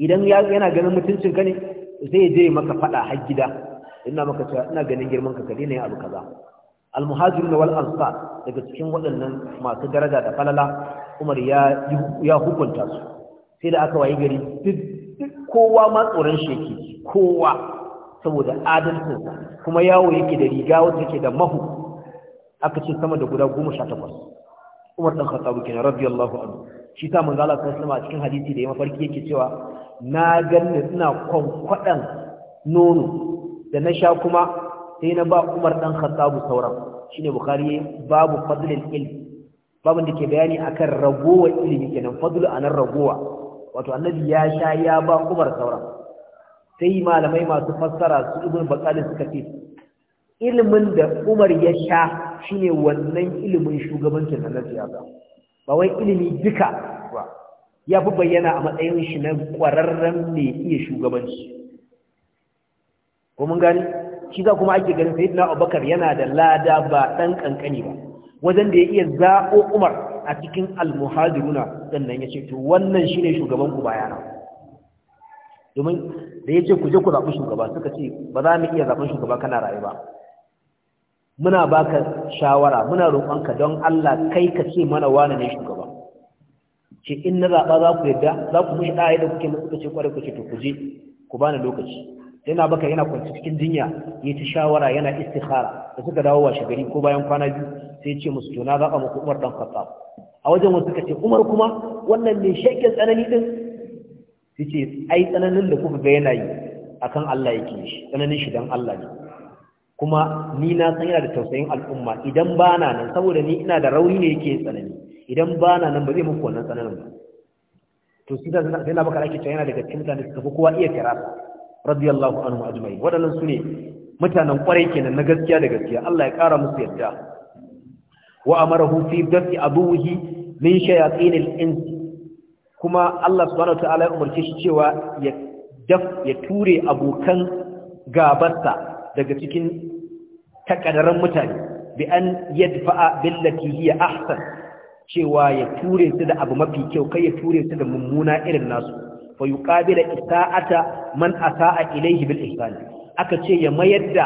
idan yana ganin mutuncin ka ne zai je maka fada har gida ina maka ina ganin girman ka ka daina yin abu kaza almuhajirun wal ansar daga cikin waɗannan masu daraja da falala Umar ya ya hukunta su sai da aka wayi gari duk kowa ma tsoron shi yake kowa saboda adalcinsa kuma yawo yake da riga wata yake da mahu aka ce sama da guda goma sha takwas Umar ɗan Khattabu kenan radiyallahu anhu shi ta manzo Allah sallallahu alaihi cikin hadisi da ya mafarki yake cewa na ganni ina kwankwadan nono da na sha kuma sai na ba Umar ɗan Khattabu sauran shine bukhari babu fadlil ilm babu da ke bayani akan ragowa ilimi kenan fadlu nan ragowa wato annabi ya sha ya ba umar sauran sai malamai masu fassara su ibn bakali suka ce ilimin da umar ya sha shine wannan ilimin shugabancin annabi ya ba ba wai ilimi duka ba ya fi bayyana a matsayin shi na ƙwararren mai iya shugabanci ko mun gani shi za kuma ake ganin sayyidina abubakar yana da lada ba ɗan ƙanƙani ba wajen da ya iya zaɓo umar a cikin almuhajiruna sannan ya ce to wannan shine shugaban ku bayana domin da ya ce ku je ku zaɓi shugaba suka ce ba za mu iya zaɓen shugaba kana rayu ba muna baka shawara muna roƙonka don Allah kai ka ce mana wani ne shugaba ce in na zaɓa za ku yadda za ku mushi ɗaya da kuke masu kuce kwarai ce to ku je ku bani lokaci yana baka yana kwanci cikin jinya ya ci shawara yana istikhara da suka dawo washe gari ko bayan kwana biyu sai ce musu to na zaba muku Umar dan Khattab a wajen wasu suka ce Umar kuma wannan ne shekin tsanani din sai ce ai tsananin da kuka ga yana yi akan Allah yake shi tsananin shi dan Allah ne kuma ni na san yana da tausayin al'umma idan bana nan saboda ni ina da rauni ne yake tsanani idan bana nan ba zai muku wannan tsananin ba to sai da sai na baka ake cewa yana daga cikin mutane suka fi kowa iya firasa radiyallahu anhu ajma'in waɗannan su ne mutanen kwarai kenan na gaskiya da gaskiya Allah ya ƙara musu yadda. wa amarahu fi dafi abuhi min shayatin ins kuma Allah subhanahu wa ta'ala ya umarce shi cewa ya daf ya ture abokan gabarsa daga cikin takadaran mutane bi an yadfa'a billati hiya ahsan cewa ya ture su da abu mafi kyau kai ya ture su da mummuna irin nasu fa yuqabila isa'ata man asa'a ilayhi bil ihsan aka ce ya mayar da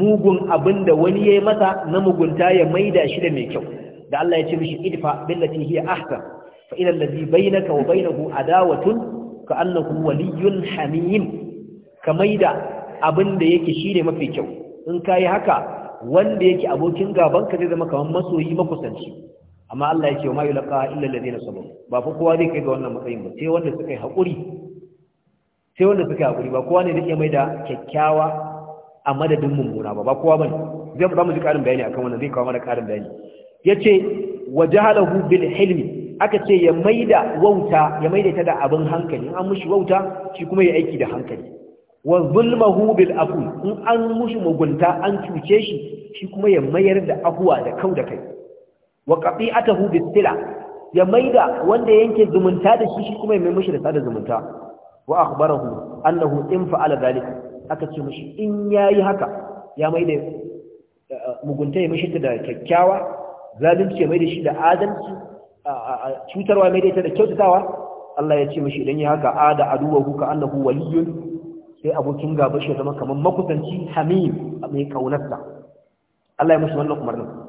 mugun abinda wani yayi masa na mugunta ya maida shi da mai kyau da Allah ya ce mishi idfa billati hiya ahsan fa ila alladhi bainaka wa bainahu adawatun ka annahu waliyyun hamim ka maida abin da yake ne mafi kyau in kai haka wanda yake abokin gaban ka zai zama kamar masoyi makusanci amma Allah yake ma yulqa illa alladhina sabaru ba fa kowa zai kai ga wannan matsayin ba sai wanda suka yi hakuri sai wanda suka yi hakuri ba kowa ne zai mai da kyakkyawa a madadin mummuna ba ba kowa bane zai ba mu ji karin bayani akan wannan zai kawo mana karin bayani yace wajahalahu bil hilmi aka ce ya maida wauta ya maida ta da abin hankali an mushi wauta shi kuma ya aiki da hankali wa zulmahu bil afu in an mushi mugunta an cuce shi shi kuma ya mayar da afuwa da kau da kai wa qati'atahu bisila ya maida wanda yanke zumunta da shi shi kuma ya mai mushi da sada zumunta wa akhbarahu annahu in fa'ala dhalika aka ce mishi in yayi haka ya maida eh, mugunta ya mishi da kyakkyawa zalunci ya maida shi da adalci cutarwa ya maida ita da kyautatawa Allah ya ce mishi idan ya haka ada aduwahu ka annahu waliyyun sai abokin gaba shi zama kamar makusanci hamim mai kaunarsa Allah ya musu wannan umarnin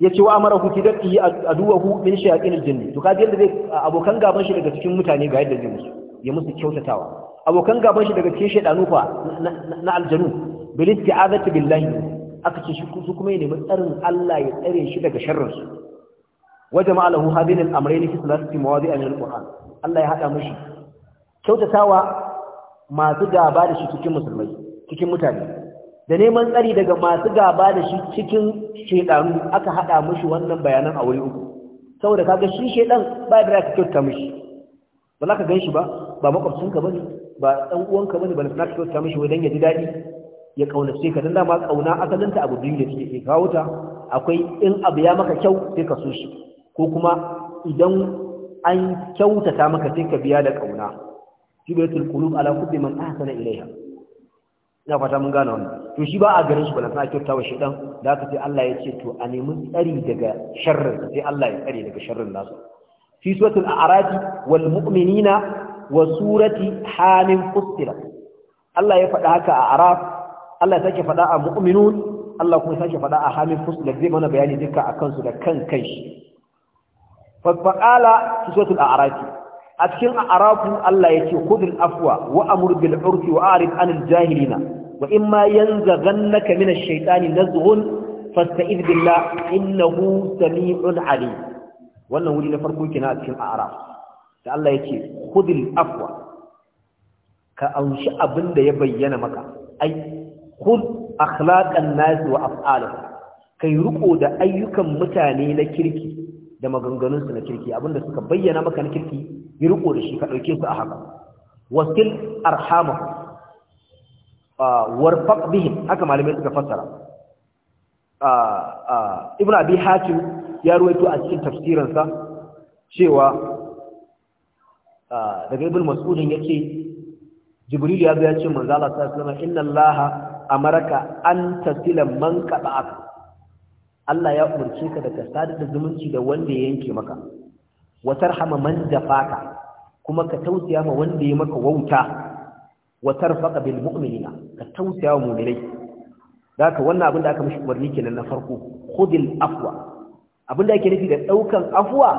ya ce wa amara ku kidan yi aduwahu min shayatin aljinni to kaji yadda zai abokan gaban shi daga cikin mutane ga yadda zai musu ya musu kyautatawa abokan gaban shi daga cikin shaydanu fa na aljanu bil isti'azati billahi aka ce su kuma ya nemi tsarin Allah ya tsare shi daga sharrin su wa jama'a lahu hadin al-amrayn fi thalathati mawadi'a min al-Qur'an Allah ya hada mishi kyautatawa masu gaba da shi cikin musulmai cikin mutane da neman tsari daga masu gaba da shi cikin shekaru aka haɗa mushi wannan bayanan a wuri uku saboda kaga shi shekaru ba da ka kyauta mushi ba za ka gan shi ba ba makwabcinka ba ne ba ɗan uwanka ba ne ba na ka kyauta mushi wajen ya ji daɗi ya kaunace ka don dama kauna asalinta abu biyu da suke. ke kawo ta akwai in abu ya maka kyau sai ka so shi ko kuma idan an kyautata maka sai ka biya da kauna bai tulkulu ala kudi man ahsana ilayha ina fata mun gane wannan to shi ba a garin shi balantana kyauta wa dan. da haka ce Allah ya ce to a nemi tsari daga sharrin sai Allah ya tsare daga sharrin nasu fi suratul a'raf wal mu'minina wa surati hamim fustilat Allah ya faɗa haka a araf Allah ya sake faɗa a mu'minun Allah kuma ya sake faɗa a hamim fustilat zai mana bayani duka akan su da kan kanshi faƙala fi suratul a'raf a cikin a'raf Allah ya ce khudil afwa wa amur bil urfi wa a'rid anil jahilina wa in ma yanzaghannaka min ash-shaytani nazghun fasta'id billah innahu wannan wuri na farko kina a cikin a'raf da Allah yake khudil afwa ka aushi abinda ya bayyana maka ai khud akhlaqan nas wa af'aluhum kai riko da ayyukan mutane na kirki da su na kirki abinda suka bayyana maka na kirki yi riko da shi ka ɗauke su a haka wasil arhama warfaq bihim haka malamai suka fassara ibn abi hakim ya ruwaito a cikin tafsiransa cewa daga ibn mas'udin yake jibril ya zo ya ce manzo Allah sallallahu alaihi wasallam inna allaha amaraka an tasila man qada'aka Allah ya umarce ka da ka da zumunci da wanda ya yanke maka wa tarhama man dafaka kuma ka tausaya ma wanda ya maka wauta Watar tarfaqa bil mu'minina ka tausaya wa mu'minai ka wannan abin da aka mishi umarni kenan na farko khudil afwa abin da ake nufi da ɗaukan afwa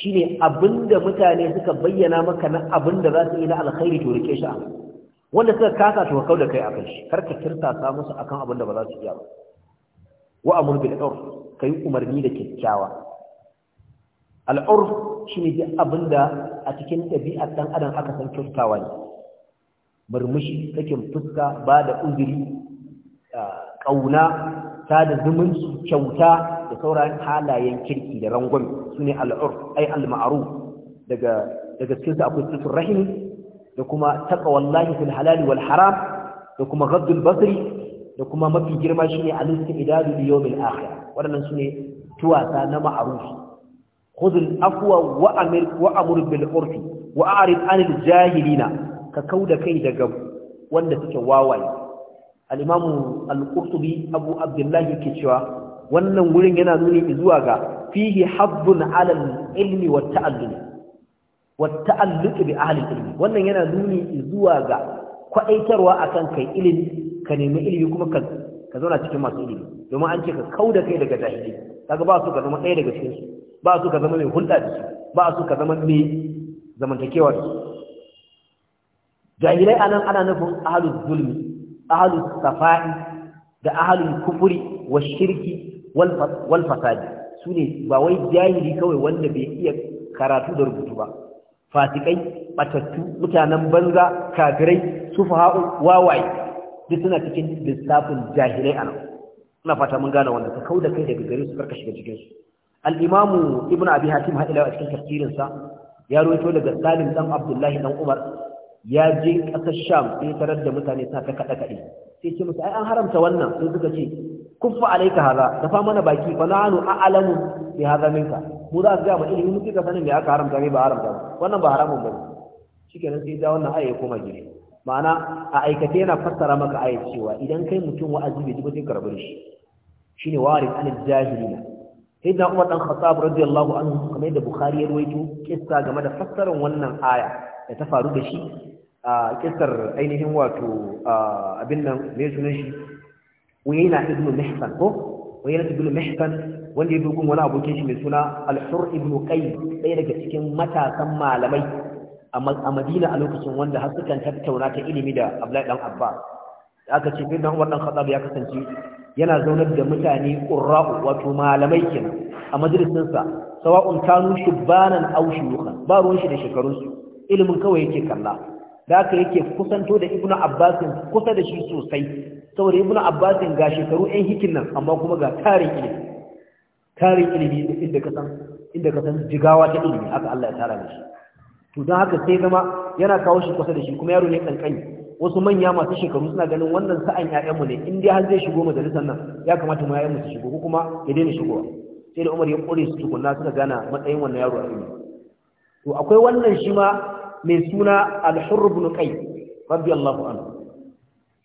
shine abinda mutane suka bayyana maka na da za su yi na alkhairi to rike shi wanda suka kasa to kau da kai akan shi ka tirtasa musu akan da ba za su iya ba wa amur bil urf kai umarni da kyakkyawa al urf shine abin abinda a cikin ɗabi'ar dan adam aka san kyautawa ne murmushi sakin fuska ba da uzuri ƙauna ta da zumunci kyauta da sauran halayen kirki da rangon su ne al'ur ai al-ma'aru daga cikinsu akwai sutun rahimi da kuma taƙa wallahi fil halali wal haram da kuma gabdul basri da kuma mafi girma shine alista idadu li yawmil akhir waɗannan su ne tuwasa na ma'arufi khudh afuwa afwa wa wa amur bil urfi wa a'rid anil jahilina ka kau da kai daga wanda suke wawaye al'imamu al'urtubi abu abdullahi ke cewa wannan wurin yana nuni zuwa ga fihi habbun alal ilmi wa ta'allumi wa ta'alluqi bi ahli ilmi wannan yana nuni zuwa ga kwa'itarwa akan kai ilimi ka nemi ilimi kuma ka ka zauna cikin masu ilimi domin an ce ka kauda kai daga jahili kaga ba su ka zama ɗaya daga cikin su ba su ka zama mai hulɗa da su ba su ka zama mai zamantakewa da su jahilai anan ana nufin ahlul zulmi ahlul safa'i da ahlul kufuri wa shirki wal fasadi su ne ba wai jahili kawai wanda bai iya karatu da rubutu ba fasikai batattu mutanen banza kafirai sufaha'u wawaye duk suna cikin lissafin jahilai anan ina fata mun gane wanda ka da kai daga gare su karka shiga cikin su al-imamu ibnu abi hatim hadila a cikin tafsirin sa ya rawaito da salim ɗan abdullahi dan umar ya je ƙasar sham sai tarar da mutane sa ta kaɗe kaɗe sai ce musu ai an haramta wannan sai suka ce kuffa alaika haza ka fa mana baki fa na'anu a'lamu bi haza minka mu za su ga mu ilimi muke ka sanin me aka haramta ne ba haramta ba wannan ba haramun ba shikenan sai da wannan aya kuma koma ma'ana a aikace yana fassara maka ayat cewa idan kai mutum wa'azi bai ji ba sai karbar shi shine warid anil jahilina da Umar dan Khattab radiyallahu anhu kamar da Bukhari ya rawaito kissa game da fassarar wannan aya da ta faru da shi a kisar ainihin wato abin nan mai sunan shi uyayna ibnu mihsan ko uyayna ibnu mihsan wanda ya dogon wani abokin shi mai suna al-hur ibnu qay ɗaya daga cikin matasan malamai a Madina a lokacin wanda har sukan tattauna ta ilimi da Abdullahi dan Abba aka ce bin Umar dan Khattab ya kasance yana zaunar da mutane qurra'u wato malamai kenan a majalisinsa sawa'un kanu shubbanan aw shuyukhan ba ruwan shi da shekarunsu ilimin kawai yake kalla da aka yake kusanto da ibnu abbasin kusa da shi sosai saboda ibnu abbasin ga shekaru ɗan hikin nan amma kuma ga tarin ilimi tarin ilimi inda ka san inda ka san jigawa ta ilimi haka Allah ya tara shi to don haka sai zama yana kawo shi kusa da shi kuma yaro ne kankani wasu manya masu shekaru suna ganin wannan sa'an ƴaƴanmu ne in dai har zai shigo majalisar nan ya kamata mu ƴaƴanmu su shigo ko kuma ya daina shigowa sai da Umar ya kore su tukunna suka gana matsayin wannan yaro a ilimi to akwai wannan shi ma mai suna al-hurr ibn qais radiyallahu anhu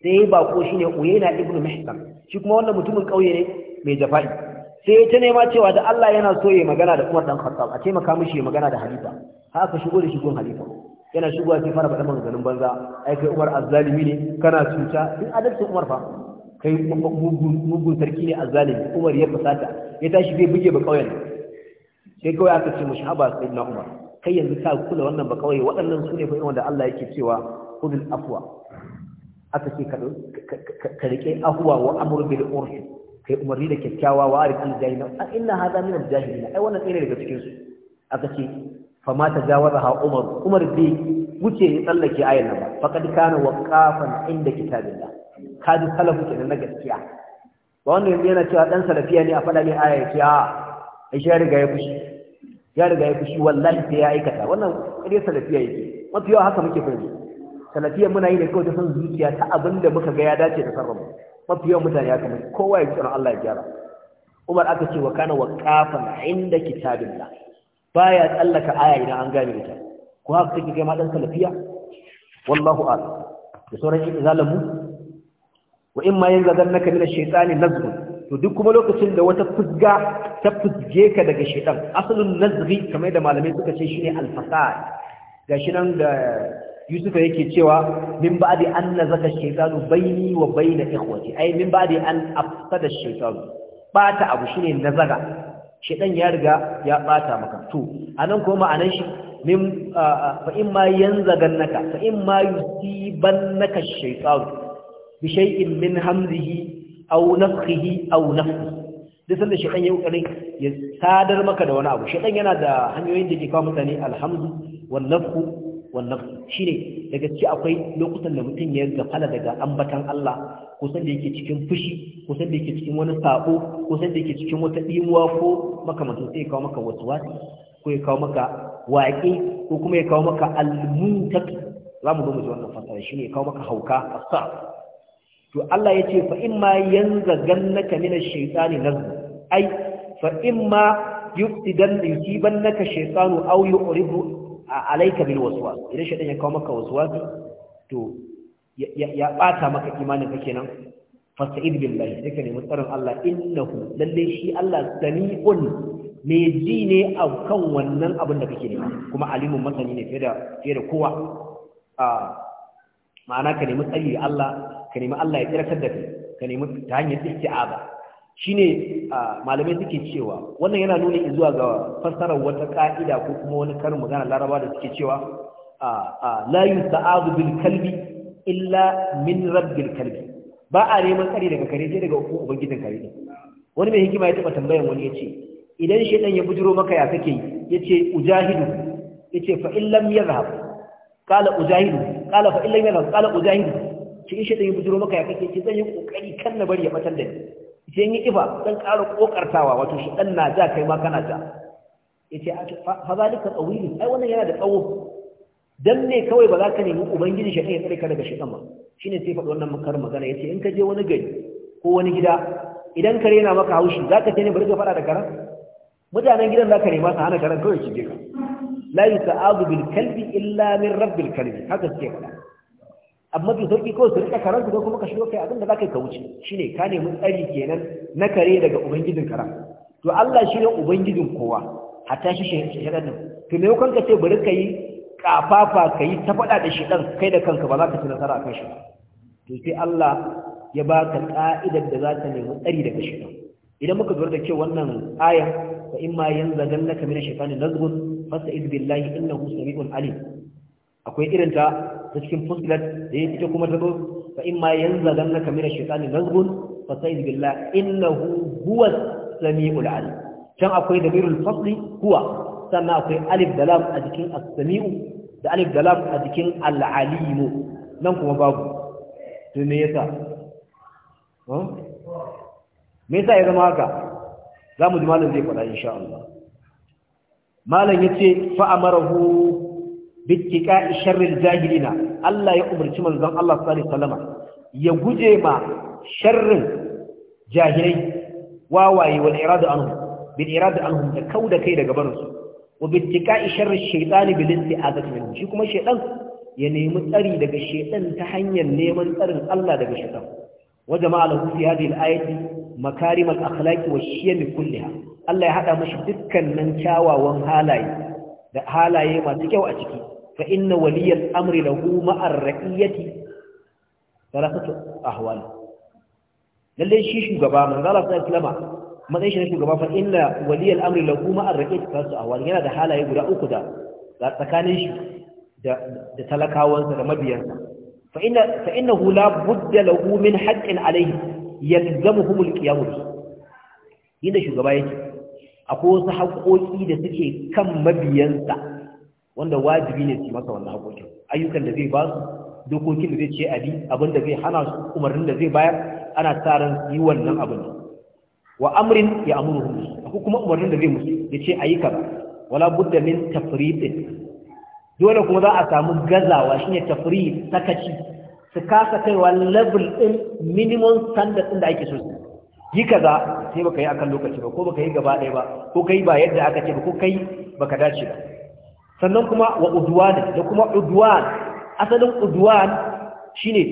sai ba ko shine uyayna ibn mahkam shi kuma wannan mutumin kauye ne mai jafa'i sai ya ta nema cewa da Allah yana so yayi magana da Umar dan Khattab a taimaka mishi ya magana da Halifa haka shigo da shigon Halifa yana shigowa sai fara faɗa maganganun banza ai kai Umar azzalimi ne kana cuta duk adalci Umar fa kai mugun sarki ne azzalimi Umar ya fasata ya tashi zai buge ba kauyen sai kawai aka ce mushi haba na Umar kai yanzu ka kula wannan ba kawai waɗannan su ne fa wanda Allah yake cewa khudul afuwa. aka ce ka rike afwa wa amru bil urfi kai umarni da kyakkyawa wa arif al jahilin a inna hadha min al jahilin ai wannan tsere daga cikin su aka ce fa ma tajawazaha umar umar bai wuce ya tsallake ayan nan ba faqad kana waqafan inda kitabillah kaji salafu kenan na gaskiya ba wanda yana cewa dan salafiya ne a faɗa ne aya ya ce a ai shi ya riga ya fushi ya riga ya fushi wallahi sai ya aikata wannan kare salafiya yake mafi yawa haka muke fahimci salafiya muna yi da kawai ta san zuciya ta abin da muka ga ya dace da sarrafa mafi yawan mutane haka muke kowa ya tsara Allah ya gyara Umar aka ce wa kana waqafan inda kitabillah baya tsallaka aya idan an gane ita ko haka take kai ma dan salafiya wallahu a'lam da sauran izalamu wa imma yanzaganaka min ash-shaytani nazghun to duk kuma lokacin da wata fusga ta fusge ka daga shaitan asalin nazri kamar da malamai suka ce shine al-fasad gashi nan da Yusuf yake cewa min ba'di an nazaka shaytanu baini wa baina ikhwati ai min ba'di an afsada shaytanu bata abu shine nazara. shaitan ya riga ya bata maka to anan kuma ma'anan shi min fa in ma yanzagannaka fa in ma yusibannaka shaytanu bi shay'in min hamzihi au nafsihi au nafsi duk sanda shi kan yi ya sadar maka da wani abu shi kan yana da hanyoyin da ke kawo mutane alhamdu wal nafsu wal nafsi shine daga ci akwai lokutan da mutum ya gafala daga ambatan Allah ko san da yake cikin fushi ko san da yake cikin wani sabo ko san da yake cikin wata dimuwa ko makamantan sai ya kawo maka waswasi ko ya kawo maka waƙi ko kuma ya kawo maka almuntaq za mu zo mu ji wannan fasara shine ya kawo maka hauka asa to Allah ya ce fa ma yanza gannaka min ash-shaytani nazm ai fa in ma yuftidan naka shaytanu aw yu'ribu alayka bil waswas idan shaytan ya kawo maka waswas to ya bata maka imanin ka kenan sa'id billahi sai ka nemi tsaron Allah innahu lalle shi Allah sami'un me ji ne a kan wannan abin da kake nema kuma alimun masani ne fiye da fiye da kowa a ah, ma'ana ka nemi tsari Allah ka nemi Allah ya tsirkar da kai ka nemi ta hanyar isti'aza shine malamai suke cewa wannan yana nuna zuwa ga fassarar wata ka'ida ko kuma wani karin magana larabawa da suke cewa la yusta'azu bil kalbi illa min rabbil kalbi ba a neman tsari daga kare sai daga ubangijin kare ne wani mai hikima ya taba tambayan wani yace idan shedan ya bujiro maka ya kake yace ujahidu yace fa in lam yadhhab qala ujahidu qala fa in lam yadhhab qala ujahidu shi in shaitan ya bujiro maka ya kake ce zan yi kokari kan na bari ya batar da ni sai yi kifa zan ƙara kokartawa wato shi dan na ja kai ma kana ja yace fa zalika tawili ai wannan yana da tsawo dan ne kawai ba za ka nemi ubangiji shaitan ya tsare ka daga shaitan Shi ne sai faɗi wannan makar magana ce in ka je wani gari ko wani gida idan kare yana maka haushi za ka ce ne bari ka faɗa da karan mutanen gidan za ka nema ka hana karan kawai shige ka la yusa'adu bil kalbi illa min rabbil kalbi haka suke faɗa amma bi sauki kawai su rika karansu ko kuma ka shigo kai abin da zaka ka wuce shine ka nemi tsari kenan na kare daga ubangijin karam. to Allah shine ubangijin kowa hatta shi shedan din to me yakan ka ce bari ka yi kafafa ka yi ta fada da shi dan kai da kanka ba za ka ci nasara akan shi to sai Allah ya baka ka'idar da za ta nemi tsari daga shi idan muka lura da cewa wannan aya fa imma yanzaganna kamina shaytanin nazgun fasta'id billahi innahu sami'un alim akwai irin ta ta cikin fusilat da ya ita kuma ta zo fa in ma yanzu dan na mina shaytani nazgun fa sa'id billah innahu huwa samiul alim can akwai damirul fasli kuwa? sannan akwai alif da lam a jikin as-sami'u da alif da lam a cikin al-alimu nan kuma babu to me yasa me yasa ya zama haka za mu ji malam zai faɗa insha Allah malam yace fa amarahu bittika sharrin jahilina Allah ya umarci manzon Allah sallallahu alaihi wasallam ya guje ma sharrin jahilai wawaye wal irada anhum bil irada anhum da kauda kai daga barin su wa bittika sharril shaytani bil isti'azati minhu shi kuma shaytan ya nemi tsari daga shaytan ta hanyar neman tsarin Allah daga shaytan wa jama'a lahu fi hadhihi al-ayati makarim al-akhlaqi wa shiyam kulliha Allah ya hada mashi dukkanin kyawawan halaye da halaye masu kyau a ciki fa inna waliyal amri lahu ma'ar ra'iyati salasatu ahwal lalle shi shugaba manzo Allah sallallahu alaihi wasallam matsayin shi shugaba fa inna waliyal amri lahu ma'ar ra'iyati salasatu ahwal yana da halaye guda uku da tsakanin shi da da talakawansa da mabiyansa fa inna fa innahu la budda lahu min haqqin alayhi yalzamuhum alqiyam bihi inda shugaba yake akwai wasu haƙoƙi da suke kan mabiyansa wanda wajibi ne su masa wannan haƙoƙin ayyukan da zai ba su dokokin da zai ce abi abin da zai hana su umarnin da zai bayar ana sa ran yi wannan abin wa amrin ya amuru hu kuma umarnin da zai musu ya ce ayyuka kaza wala budda min tafridin dole kuma za a samu gazawa shine tafrid sakaci su kasa kaiwa level din minimum standard din da ake so su yi kaza sai baka yi akan lokaci ba ko baka yi gaba ɗaya ba ko kai ba yadda aka ce ba ko kai baka dace ba sannan kuma wa udwan da kuma udwan asalin udwan shine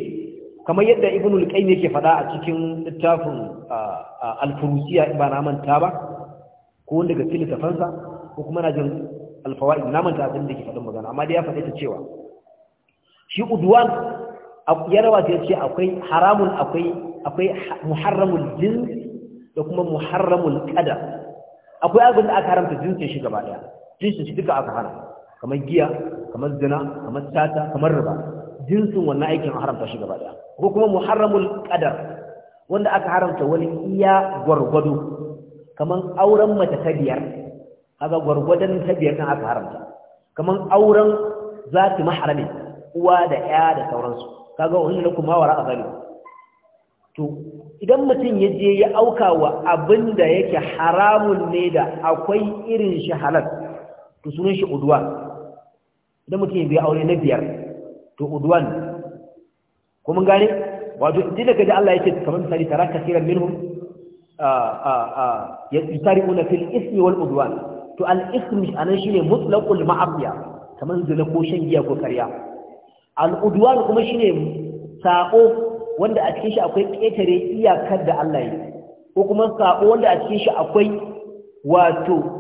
kamar yadda ibnu al-qayyim yake faɗa a cikin littafin al-furusiya ba na manta ba ko wanda ga littafansa ko kuma na jin al-fawaid na manta abin da yake faɗin magana amma dai ya faɗa ta cewa shi udwan ya rawa ta ce akwai haramun akwai akwai muharramul jins da kuma muharramul qadar akwai abin da aka haramta jinsin shi gaba daya jinsin shi duka aka haramta kamar giya kamar zina kamar sata kamar riba jinsin wannan aikin haramta shi gaba daya ko kuma muharramul qadar wanda aka haramta wani iya gwargwado kamar auren mata ta biyar kaga gwargwadon ta biyar kan aka haramta kamar auren zati mahrami uwa da ya da sauransu kaga wannan lakum ma wara azali to idan mutum ya je ya auka wa abin da yake haramun ne da akwai irin shi halal to sunan shi udwa idan mutum ya biya aure na biyar to udwan ko mun gane wato idan daga da Allah yake kamar misali tara kasiran minhum yasari'una fil ismi wal udwan to al ismi anan shine mutlaqul ma'afiya kamar zina ko shan giya ko karya al udwan kuma shine sako wanda a cikin shi akwai ƙetare iyakar da Allah yi ko kuma sako wanda a cikin shi akwai wato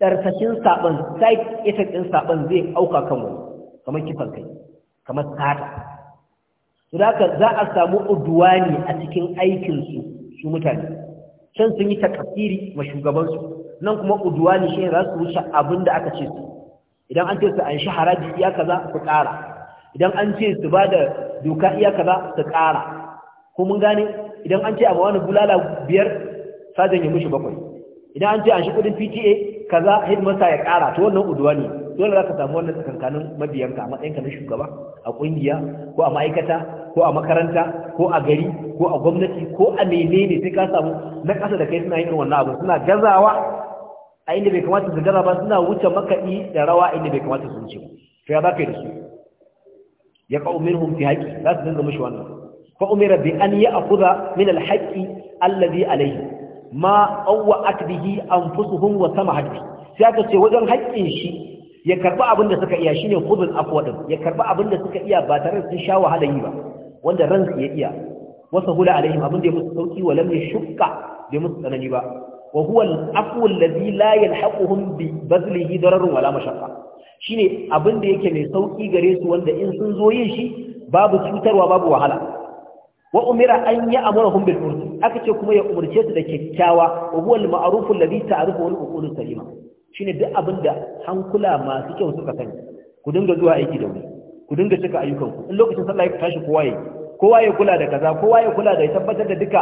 ɗarfashin saɓon site effect ɗin saɓon zai auka kan wani kamar kifan kai kamar sata su da za a samu uduwani a cikin aikinsu su mutane can sun yi takasiri ma shugabansu nan kuma uduwani shi za su wuce abin da aka ce su idan an ce su an shi haraji iya kaza su ƙara idan an ce su ba da doka iya kaza su ƙara ko mun gane idan an ce a wani bulala biyar sajan ya mushi bakwai idan an ce an shi kudin pta kaza hidimarsa ya kara ta wannan uduwa ne dole za ka samu wannan tsakankanin mabiyanka a matsayinka na shugaba a ƙungiya ko a ma'aikata ko a makaranta ko a gari ko a gwamnati ko a menene sai ka samu na ƙasa da kai suna yin wannan abu suna gazawa a inda bai kamata su gaza ba suna wuce makaɗi da rawa inda bai kamata su wuce to ya za ka yi da su ya ƙa'u minhum fi haƙi za su dinga mishi wannan fa umira bi an ya'khudha min al-haqqi alladhi alayhi ma awwa akdihi anfusuhum wa sama hadbi sai aka ce wajen haƙƙin shi ya karba abin da suka iya shine khudul afwa din ya karba abin da suka iya ba tare sun sha wahala yi ba wanda ransu ya iya wasa hula alaihim abin da ya musu sauki wa lam yashqa da musu tsanani ba wa huwa al-afwu alladhi la yalhaquhum bi badlihi dararun wala mashaqqa shine abin da yake mai sauki gare su wanda in sun zo yin shi babu cutarwa babu wahala wa umira an yi amurahum bil urdu aka ce kuma ya umarce su da kyakkyawa wa huwa al ma'ruf alladhi ta'rifu wal uqul salima shine duk abinda hankula masu kyau suka sani ku dinga zuwa aiki da wuri ku dinga cika ayyukan ku in lokacin sallah ya tashi kowa ya kowa ya kula da kaza kowa ya kula da ya tabbatar da duka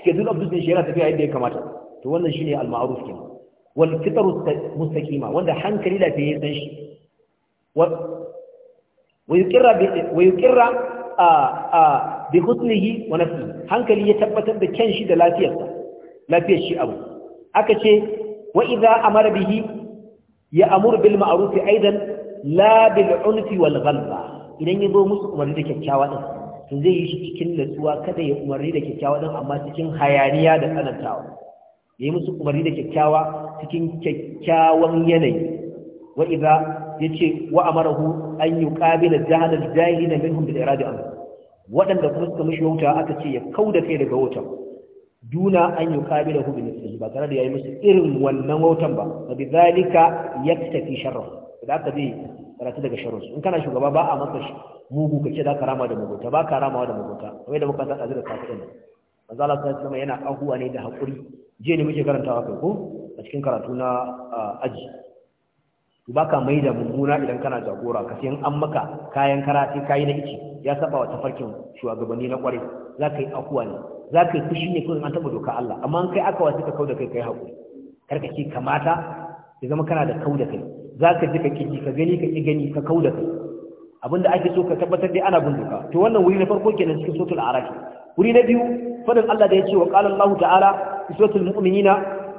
schedule of shi yana tafiya yadda ya kamata to wannan shine al ma'ruf kenan wal fitru mustaqima wanda hankali da fiye san shi wa yukirra wa yukirra a bi husnihi wa nafsi hankali ya tabbatar da kyan shi da lafiyarsa lafiyar shi abu aka ce wa idza amara bihi ya amuru bil ma'ruf aidan la bil unfi wal ghalba idan yazo musu umarni da kyakkyawa din to zai yi shi cikin natsuwa kada ya umarni da kyakkyawa din amma cikin hayaniya da tsanantawa yayi musu umarni da kyakkyawa cikin kyakkyawan yanayi wa idza yace wa amarahu an yuqabila jahalal jahilina minhum bil iradi an wadanda kuma suka mishi wuta aka ce ya kauda kai daga wuta duna an ƙabila hu bil misli ba tare da yayi musu irin wannan wutan ba fa bidhalika yaktafi sharra da aka bi karatu daga sharru in kana shugaba ba a maka mugu kace da karama da mugunta ba karamawa da mugunta kamar da muka saka zira kafirin manzo Allah sallallahu alaihi yana ahuwa ne da hakuri je ne muke karantawa kai ko a cikin karatu na aji ba ka mai da mummuna idan kana jagora ka sayan an maka kayan kara ka kayi na ice ya saba wa tafarkin shugabanni na kwarai za ka yi akuwa ne za ka yi fushi ne kun an taɓa doka Allah amma an kai aka wasu ka kau da kai kai haƙuri kar ka ce kamata ya zama kana da kau da kai za ka ji ka kiji ka gani ka ki gani ka kau da kai abinda ake so ka tabbatar dai ana bin doka to wannan wuri na farko kenan cikin sotul araki wuri na biyu fadin Allah da ya ce wa qala Allah ta'ala sotul mu'minina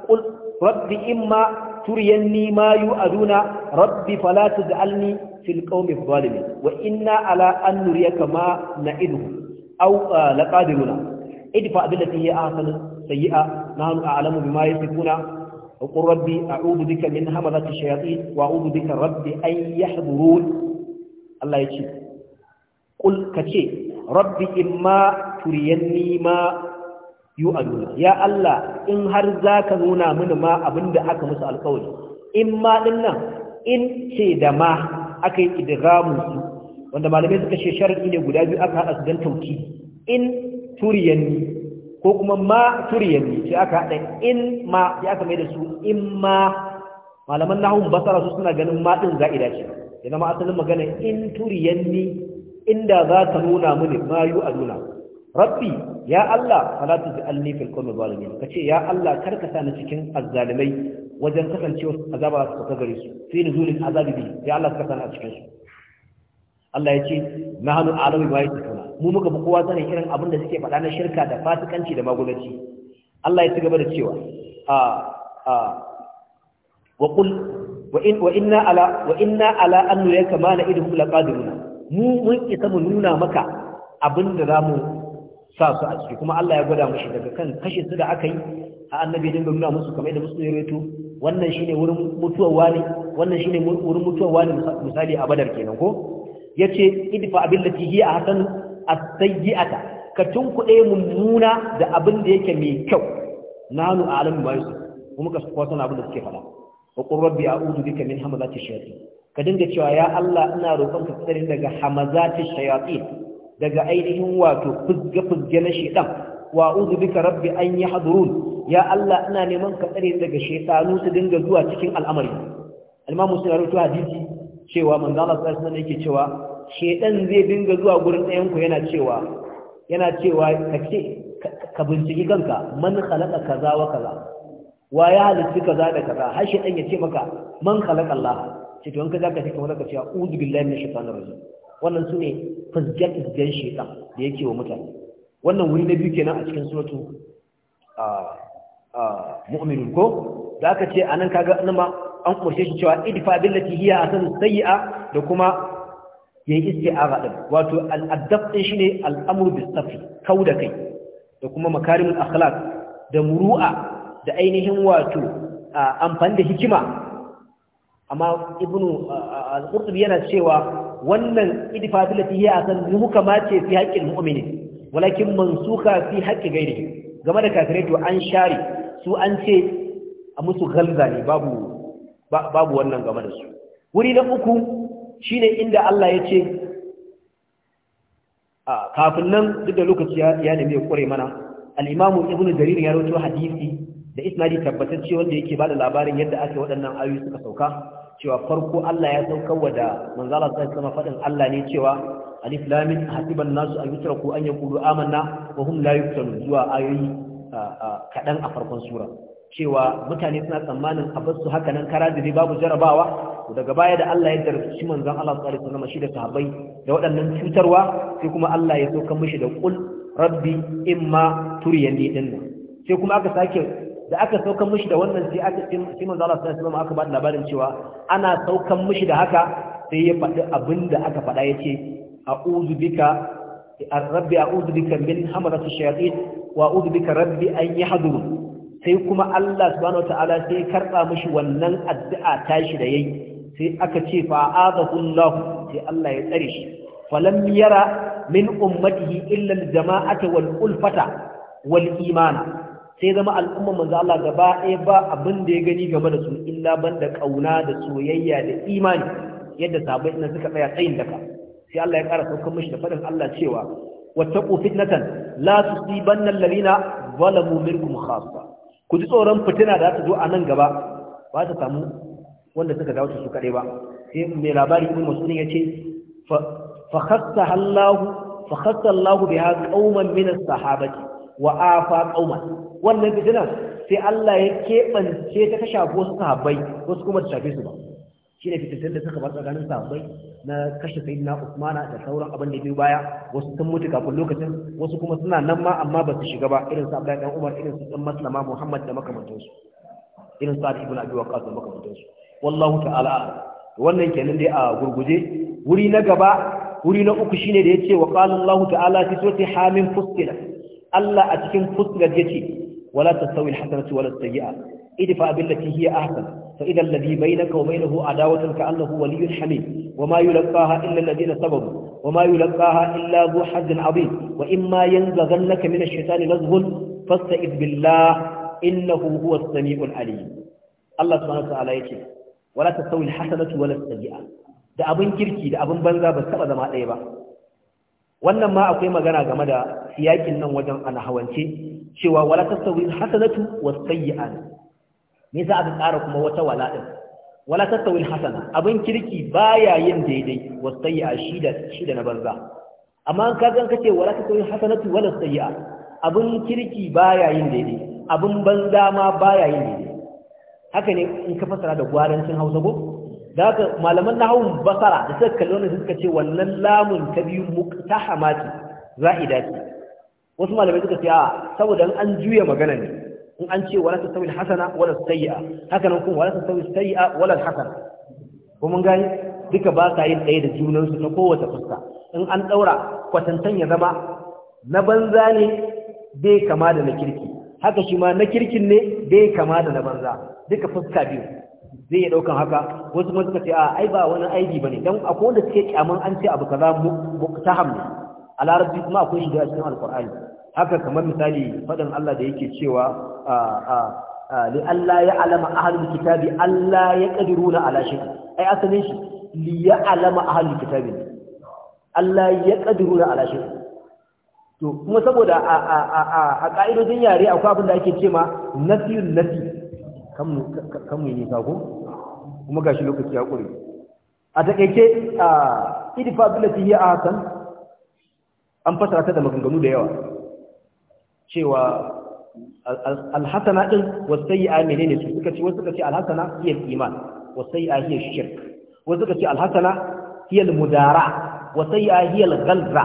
qul rabbi imma تريني ما يؤذون ربي فلا تجعلني في القوم الظالمين وإنا على أن نريك ما نعدهم أو آه لقادرون ادفع بالتي هي أحسن سيئة نحن أعلم بما يصفون وقل ربي أعوذ بك من همضة الشياطين وأعوذ بك ربي أن يحضرون الله يجيب قل كشي ربي إما تريني ما yu aluna ya Allah in har za ka nuna mini ma abin da aka musu alƙawari in ma din nan in ce da ma aka yi idgamun su wanda malamai suka ce sharadi ne guda biyu aka hada su dan tauki in ni ko kuma ma ni sai aka hada in ma sai aka mai da su in ma malaman nahun basara su suna ganin ma din za'ida ce ya zama asalin magana in ni inda za ka nuna mini ma yu aluna rabbi ya Allah fala tuj'alni fil qawmi zalimin kace ya Allah kar ka sani cikin azzalimai wajen kasancewa azaba su ka gare su fi nuzulil azabi bi ya Allah ka sani a cikin su Allah ya ce nahnu a'lamu bi yasifuna mu muka bi kowa sanin irin abin da suke faɗa na shirka da fasikanci da magulanci Allah ya ci gaba da cewa a a wa qul wa in wa inna ala wa inna ala an nurika ma na idhum laqadiruna mu mun isa mu nuna maka abin da zamu sa su a ciki kuma Allah ya gwada mushi daga kan kashe su da aka yi a annabi dinga nuna musu kamar da musu ya reto wannan shine wurin mutuwar wani wannan shine wurin mutuwar wani misali a badar kenan ko yace idfa abillati hiya ahsan as-sayyi'ata ka tunkuɗe mummuna da abin da yake mai kyau nanu alamin ba su kuma ka kwata na abin da suke fada wa qur rabbi a'udhu bika min hamazati shayatin ka dinga cewa ya Allah ina roƙon ka tsare daga hamazati shayatin daga ainihin wato fuzge-fuzge na shaidan wa uzu bika rabbi an yi hadurun ya Allah ina neman ka tsare daga shaitanu su dinga zuwa cikin al'amari almamu sun rawaito hadisi cewa manzo Allah sallallahu alaihi wasallam yake cewa shaitan zai dinga zuwa gurin ɗayan yana cewa yana cewa kace ka binciki kanka man khalaqa kaza wa kaza wa ya halitta kaza da kaza har shaitan ya ce maka man khalaqa Allah ce to in ka zaka ce kamar ka ce a'udhu billahi minash shaitanir rajim wannan su ne fizgen-fizgen da yake wa mutane wannan wuri na biyu kenan a cikin suratu mu'minin ko da aka ce a nan kaga ga ma an kurshe shi cewa idfa billati hiya asan sayyi'a da kuma iske a din wato al din shine al bis-safi kauda kai da kuma makarimul akhlaq da muru'a da ainihin wato amfani da hikima amma ibnu al-qurtubi yana cewa wannan idfadilati hiya muka mace fi haƙƙin mu'amini walakin mansuka fi haƙƙi ghairihi game da kafirai to an share su an ce a musu galza ne babu wannan game da su wuri na uku shine inda Allah ya ce kafin nan duk da lokaci ya nemi ya kware mana al'imamu ibn ibnu jarir ya rawaito hadisi da isnadi tabbatacce wanda yake ba da labarin yadda ake waɗannan ayoyi suka sauka cewa farko Allah ya saukar wa da manzala sai sama faɗin Allah ne cewa alif lam mim hasiban nasu an yutraku an yaqulu amanna wa hum la yuftanu zuwa ayoyi kadan a farkon sura cewa mutane suna tsammanin a basu haka nan kara da babu jarabawa daga baya da Allah ya darsu manzon Allah sallallahu alaihi wasallam shi da sahabbai da waɗannan cutarwa sai kuma Allah ya saukar mishi da qul rabbi imma turiyani dinnan sai kuma aka sake da aka saukan mishi da wannan sai aka sai manzo Allah sallallahu aka da labarin cewa ana saukan mishi da haka sai ya faɗi abinda aka faɗa yace a'udhu bika rabbi a'udhu bika min hamalati shayatin wa a'udhu bika rabbi an yahdurun sai kuma Allah subhanahu wataala sai karba mishi wannan addu'a tashi da yayi sai aka ce fa a'adahu Allah sai Allah ya tsare shi falam yara min ummatihi illa al-jama'ata wal ulfata wal imana sai zama al'umma manzo Allah gaba ɗaya ba abin da ya gani game da su illa banda kauna da soyayya da imani yadda sabai ina suka tsaya tsayin daka sai Allah ya ƙara saukar mishi da faɗin Allah cewa wattaqu fitnatan la tusibanna alladhina zalamu minkum khassa ku ji tsoron fitina da ta zo a nan gaba ba ta samu wanda suka dawo su kaɗai ba sai mai labari ibn mas'ud ya ce fa khassa Allah fa khassa Allah biha qauman min as-sahabati wa afa qauma wannan fitinar sai Allah ya keɓance ta ta shafi wasu sahabbai wasu kuma ta shafe su ba shi ne fitattun da suka bar tsakanin sahabbai na kashe sayyidina Usmana da sauran abin da biyu baya wasu sun mutu kafin lokacin wasu kuma suna nan ma amma ba su shiga ba irin su Abdullahi dan Umar irin su dan Maslama Muhammad da makamantansu irin Sa'ad ibn Abi Waqqas da makamantansu wallahu ta'ala wannan kenan dai a gurguje wuri na gaba wuri na uku shine da yace wa qala Allahu ta'ala fi surati hamin fussilat Allah a cikin fusrar ce, wala ta tasawi alhasanatu wala abin ta a sayyi'a idfa billati hiya ahsan fa idha alladhi bainaka wa bainahu adawatun ka annahu waliyyun hamid wa ma yi wama yulqaha illa ma yi wama yulqaha illa dhu hazzin adhim wa in ma imma yanzaghannaka min ash-shaytani nazghun fasta'iz billah innahu huwa as-sami'ul alim Allah subhanahu wa ta'ala ce. wala ta tasawi alhasanatu wala sayyi'a da abin kirki da abin banza ba taɓa zama ɗaya ba wannan ma akwai magana game da siyakin nan wajen alhawance cewa wala tasawi hasanatu wasayyi'an me yasa aka tsara kuma wata wala din wala tasawi hasana abin kirki baya yin daidai wasayyi'a shida shida na banza amma an ka an kace wala tasawi hasanatu wala sayyi'a abin kirki baya yin daidai abin banza ma baya yin daidai haka ne in ka fasara da gwarancin Hausa ko da haka malaman nahawun basara da suka kalli wannan suka ce wannan lamun ta biyu za a za'ida ce wasu malamai suka ce a saboda an juya magana ne in an ce wala tasawi alhasana wala a? haka nan kuma wala tasawi sayyi'a wala hasana ko mun gani duka ba sa yin ɗaya da junansu su kowace fuska in an ɗaura kwatantan ya zama na banza ne bai kama da na kirki haka shi ma na kirkin ne bai kama da na banza duka fuska biyu zai iya ɗaukan haka wasu ma suka ce a ai ba wani aibi ne. Don akwai wanda suke kyaman an ce abu kaza muktaham ne a larabci kuma akwai shi da cikin alqur'ani haka kamar misali faɗin Allah da yake cewa li Allah ya alama ahlul kitabi Allah ya qadiruna ala shay ai asalin shi li ya alama ahlul kitabi Allah ya qadiruna ala shay to kuma saboda a a yare akwai abin da ake cewa nafiyun nafi kan mu yi nisa ko kuma gashi lokaci ya ƙure a taƙaice a idifa bilati ya a hasan an fasara ta da maganganu da yawa cewa alhassana ɗin wasu yi a menene su suka ce wasu suka ce alhassana iya iman wasu yi a iya shirk wasu suka ce alhassana iya mudara wasu yi a iya galza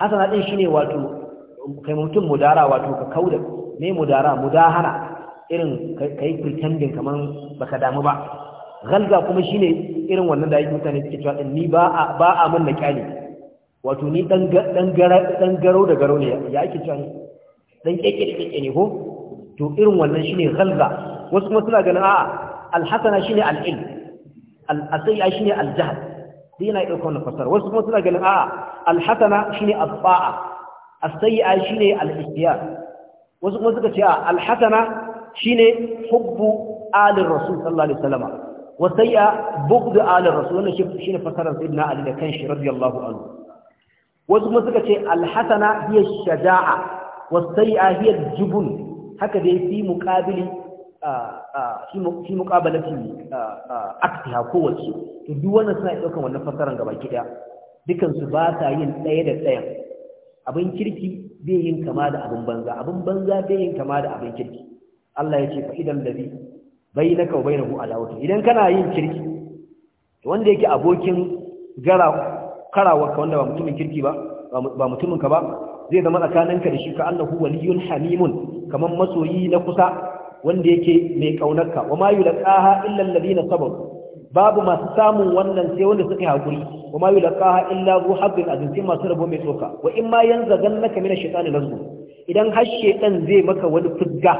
hassana ɗin ne wato kai mutum mudara wato ka kauda ne mudara mudahana irin kai pretending kaman baka damu ba galga kuma shine irin wannan da yake mutane suke cewa ni ba a ba a mun na kyale wato ni dan dan gara dan garo da garo ne ya ake cewa dan keke da keke ne ko to irin wannan shine galga wasu kuma suna ganin a'a alhasana shine al-ilm al-asayya shine al-jahl dai yana ɗaukar wannan wasu kuma suna ganin a'a alhasana shine as-sa'a as-sayya shine al-ikhtiyar wasu kuma suka ce a, alhasana shine hubbu alin rasul sallallahu alaihi wasallam wa sayya bughd alin rasul wannan shine fasarar sayyidina ali da kanshi radiyallahu anhu wasu kuma suka ce alhasana hiya shaja'a was sayya hiya jubun haka dai fi muqabili fi muqabalati aktiha kowace to duk wannan suna daukan wannan fasarar gaba kida dukan su ba yin ɗaya da ɗayan abin kirki bai yin kama da abin banza abin banza bai yin kama da abin kirki Allah ya ce fa idan ladhi bainaka wa bainahu adawatu idan kana yin kirki wanda yake abokin gara karawa ka wanda ba mutumin kirki ba ba mutumin ka ba zai zama tsakaninka da shi ka annahu waliyun hamimun kaman masoyi na kusa wanda yake mai kaunarka wa ma yulqaha illa alladhina sabaru babu masu samun wannan sai wanda suka yi hakuri wa ma yulqaha illa zu habbin azim masu rabo mai tsoka wa in ma yanzagan naka min ash-shaytani lazgu idan har shaytan zai maka wani fizga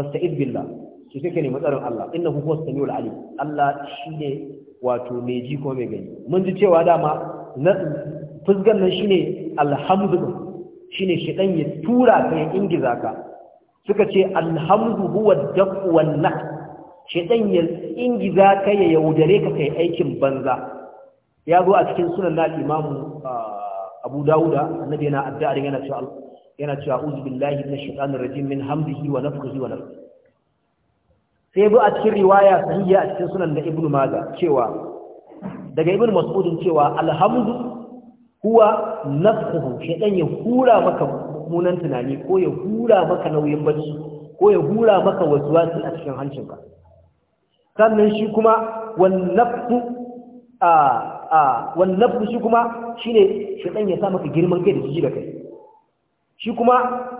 fasta'id billah su sai ka nemi Allah innahu huwas samiul alim Allah shine wato mai ji ko mai gani mun ji cewa dama na fusgan nan shine alhamdu shine shedan ya tura ka ya ingiza ka suka ce alhamdu huwa dafu wan nah shedan ya ingiza ka ya yaudare ka kai aikin banza ya zo a cikin sunan na imamu ah, abu dawuda annabi yana addu'a yana cewa yana cewa uzu billahi na shaɗanin rajin min hamdihi wa nafkuhi wa nafkuhi sai bu a cikin riwaya sahiya a cikin sunan da Ibn maza cewa daga Ibn mas'udin cewa alhamdu huwa nafkuhu shaɗan ya hura maka munan tunani ko ya hura maka nauyin bacci ko ya hura maka wasu a cikin hancinka sannan shi kuma wannafku a shi kuma shi kuma shine shaɗan ya sa maka girman kai da jiji da kai shi kuma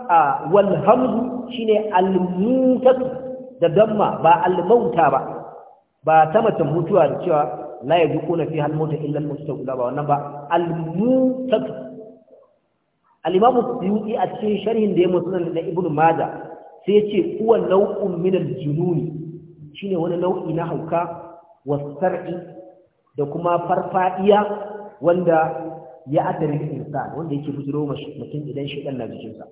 a shi shine almutatu da damma ba almauta ba ba ta mata mutuwa da cewa la na fi halmauta illa almustaqula ba wannan ba almutatu alimamu biyu as a cikin sharhin da ya nan da Ibn maza sai ya ce kuwa nau'un min ne. Shi ne wani nau'i na hauka wasu sari da kuma farfadiya wanda ya atari da insan wanda yake bujiro mutum idan shaitan na jikinsa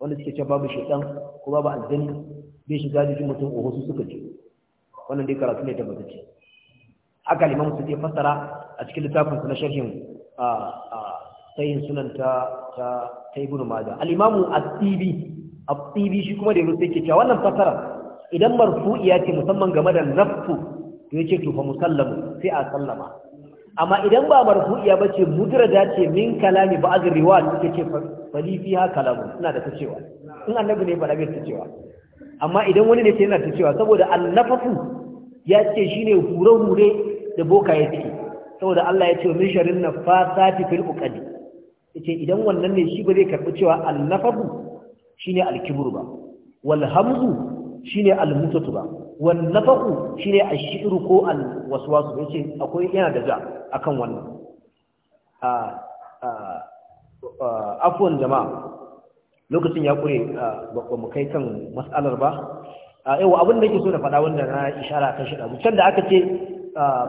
wanda suke cewa babu shaitan ko babu aljani bai shiga jikin mutum ko wasu suka ce wannan dai karatu ne da mutaci haka liman su ke fassara a cikin littafin na sharhin sayin sunan ta ta ta ibnu maja al-imamu at-tibi at-tibi shi kuma da yaro sai ke cewa wannan fasara idan ya ce musamman game da nafu to yake to fa musallamu sai a sallama amma idan ba marfu'iya bace mudrada ce min kalami ba'd riwayat take ce fali fiha kalamu ina da cewa. in annabi ne fara bai cewa. amma idan wani ne ce yana cewa, saboda annafafu ya ce shine hure hure da boka ya ce saboda Allah ya ce min sharrin nafasati fil uqadi yace idan wannan ne shi ba zai karbi cewa annafafu shine alkibru ba wal hamzu shine almutatu ba wan nafahu shine ashiru ko alwaswasu yace akwai yana da za akan wannan a afwan jama'a lokacin ya kure ba mu kai kan mas'alar ba yau, abin da yake so da faɗa wanda na ishara kan shi ɗazu can da aka ce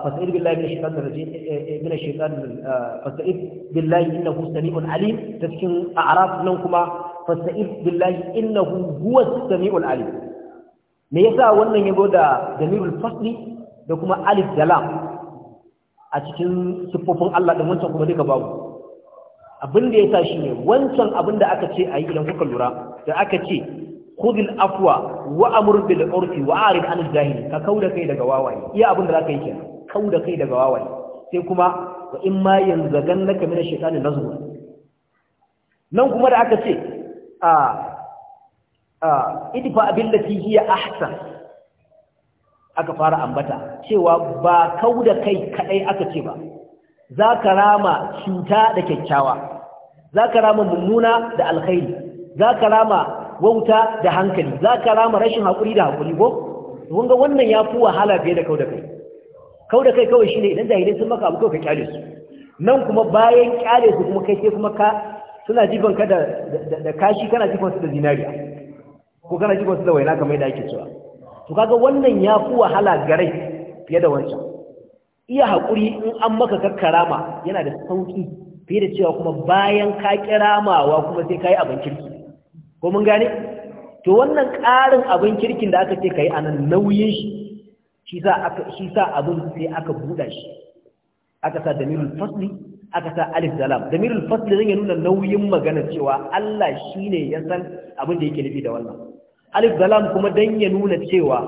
fasa'id billahi min da rajim eh, eh, eh, min shaitan fasa'id billahi innahu sami'un alim ta cikin a'raf nan kuma fasa'id billahi innahu huwa sami'un alim me yasa wannan yabo da damirul fasli da kuma alif da lam a cikin siffofin Allah ɗin wancan kuma duka babu abin da ya tashi ne wancan abin da aka ce ayi idan kuka lura da aka ce kudin afwa wa amur bil urfi wa arid an jahili ka kauda kai daga wawaye iya abin da zaka yi kenan kauda kai daga wawaye sai kuma wa in ma yanzagannaka min ash shaitanin nan kuma da aka ce a a idfa billati hiya ahsan aka fara ambata cewa ba kau da kai kadai aka ce ba za ka rama cuta da kyakkyawa za ka rama mummuna da alkhairi za ka rama wauta da hankali za ka rama rashin haƙuri da haƙuri ko ga wannan ya fi wahala fiye da kau da kai kau da kai kawai shine idan jahilai sun maka abu kawai ka kyale su nan kuma bayan kyale su kuma kai sai kuma ka suna jifan ka da kashi kana jifan su da zinariya ko kana jifan su da waina kamar yadda ake cewa to kaga wannan ya fi wahala ga rai fiye da wancan iya haƙuri in an maka kakkarama yana da sauƙi fiye da cewa kuma bayan ka kiramawa kuma sai ka yi abin kirki ko mun gane to wannan ƙarin abin kirkin da aka ce ka yi a nan nauyin shi shi sa abin sai aka buɗa shi aka sa damirul fasli aka sa alif zalam damirul fasli zan ya nuna nauyin magana cewa Allah shine ya san abin da yake nufi da wannan alif da lam kuma dan ya nuna cewa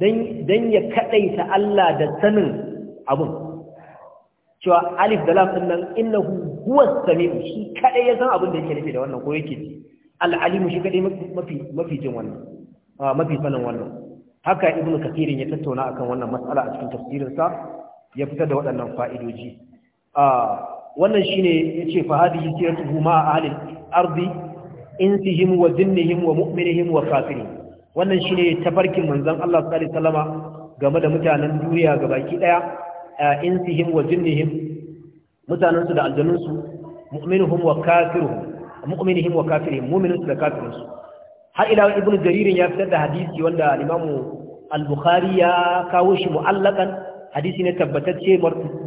dan ya kadaita Allah da sanin abun cewa alif da lam dinnan innahu huwa samiu shi kadai ya san abin da yake nufi da wannan ko yake ji al shi kadai mafi mafi jin wannan mafi sanin wannan haka ibn kathirin ya tattauna akan wannan mas'ala a cikin tafsirinsa, sa ya fitar da waɗannan fa'idoji wannan shine yace fa hadhihi siratuhu ma a halin arzi. insihim wa jinnihim wa mu'minihim wa kafirihim wannan shine tafarkin manzon Allah sallallahu alaihi wasallama game da mutanen duniya gabaki daya insihim wa jinnihim mutanen su da aljannun su mu'minuhum wa kafiruhum mu'minihim wa kafirihim mu'minun da kafirun su har ila ibn jarir ya fitar da hadisi wanda al-imam al-bukhari ya kawo shi mu'allakan hadisi ne tabbatacce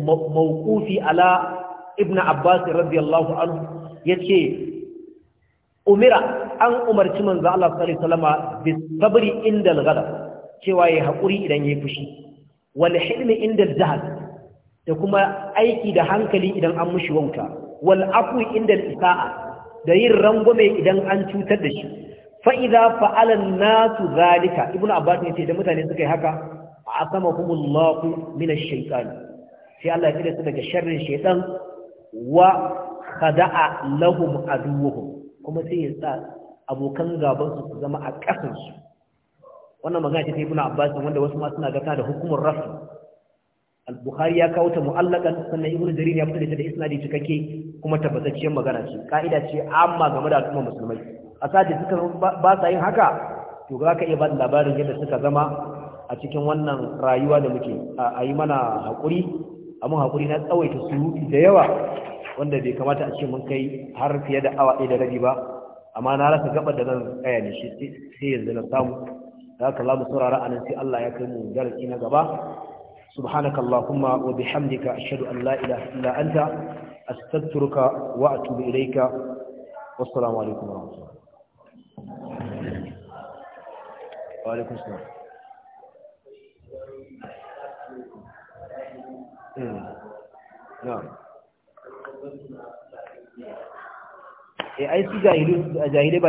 mawqufi ala ibn abbas radiyallahu anhu yace umira an umarci manzo Allah sallallahu alaihi wasallama bis sabri inda al-ghadab cewa yayi hakuri idan yayi fushi wal hilmi inda al da kuma aiki da hankali idan an mushi wauta wal afwi inda al-isa'a da yin rangwame idan an cutar da shi fa idza fa'ala an-nasu zalika ibnu abbas ne ce da mutane suka yi haka asamakumullahu min ash-shaytan sai Allah ya kire su daga sharrin shaytan wa khada'a lahum aduwwuhum kuma sai ya sa abokan gabansu su zama a ƙasansu wannan magana ce ta ibn abbas wanda wasu ma suna gata da hukumar rafi al-bukhari ya kawo ta mu'allakan sannan ibn jarir ya fitar da da isnadi cikakke kuma tabbatacciyar magana ce ka'ida ce amma game da al'ummar musulmai A sace suka ba sa yin haka to ba ka iya ba labarin yadda suka zama a cikin wannan rayuwa da muke a yi mana haƙuri amma hakuri na tsawaita surutu da yawa wanda bai kamata a ce mun kai har fiye da awa ɗaya da rabi ba amma na rasa gabar da nan tsaya ne shi sai yanzu na samu da haka za mu saurara a nan sai Allah ya kai mu darasi na gaba سبحانك اللهم وبحمدك أشهد أن لا إله إلا أنت أستغفرك وأتوب إليك والسلام عليكم ورحمة الله وعليكم السلام نعم Eh, ai su jahilai ba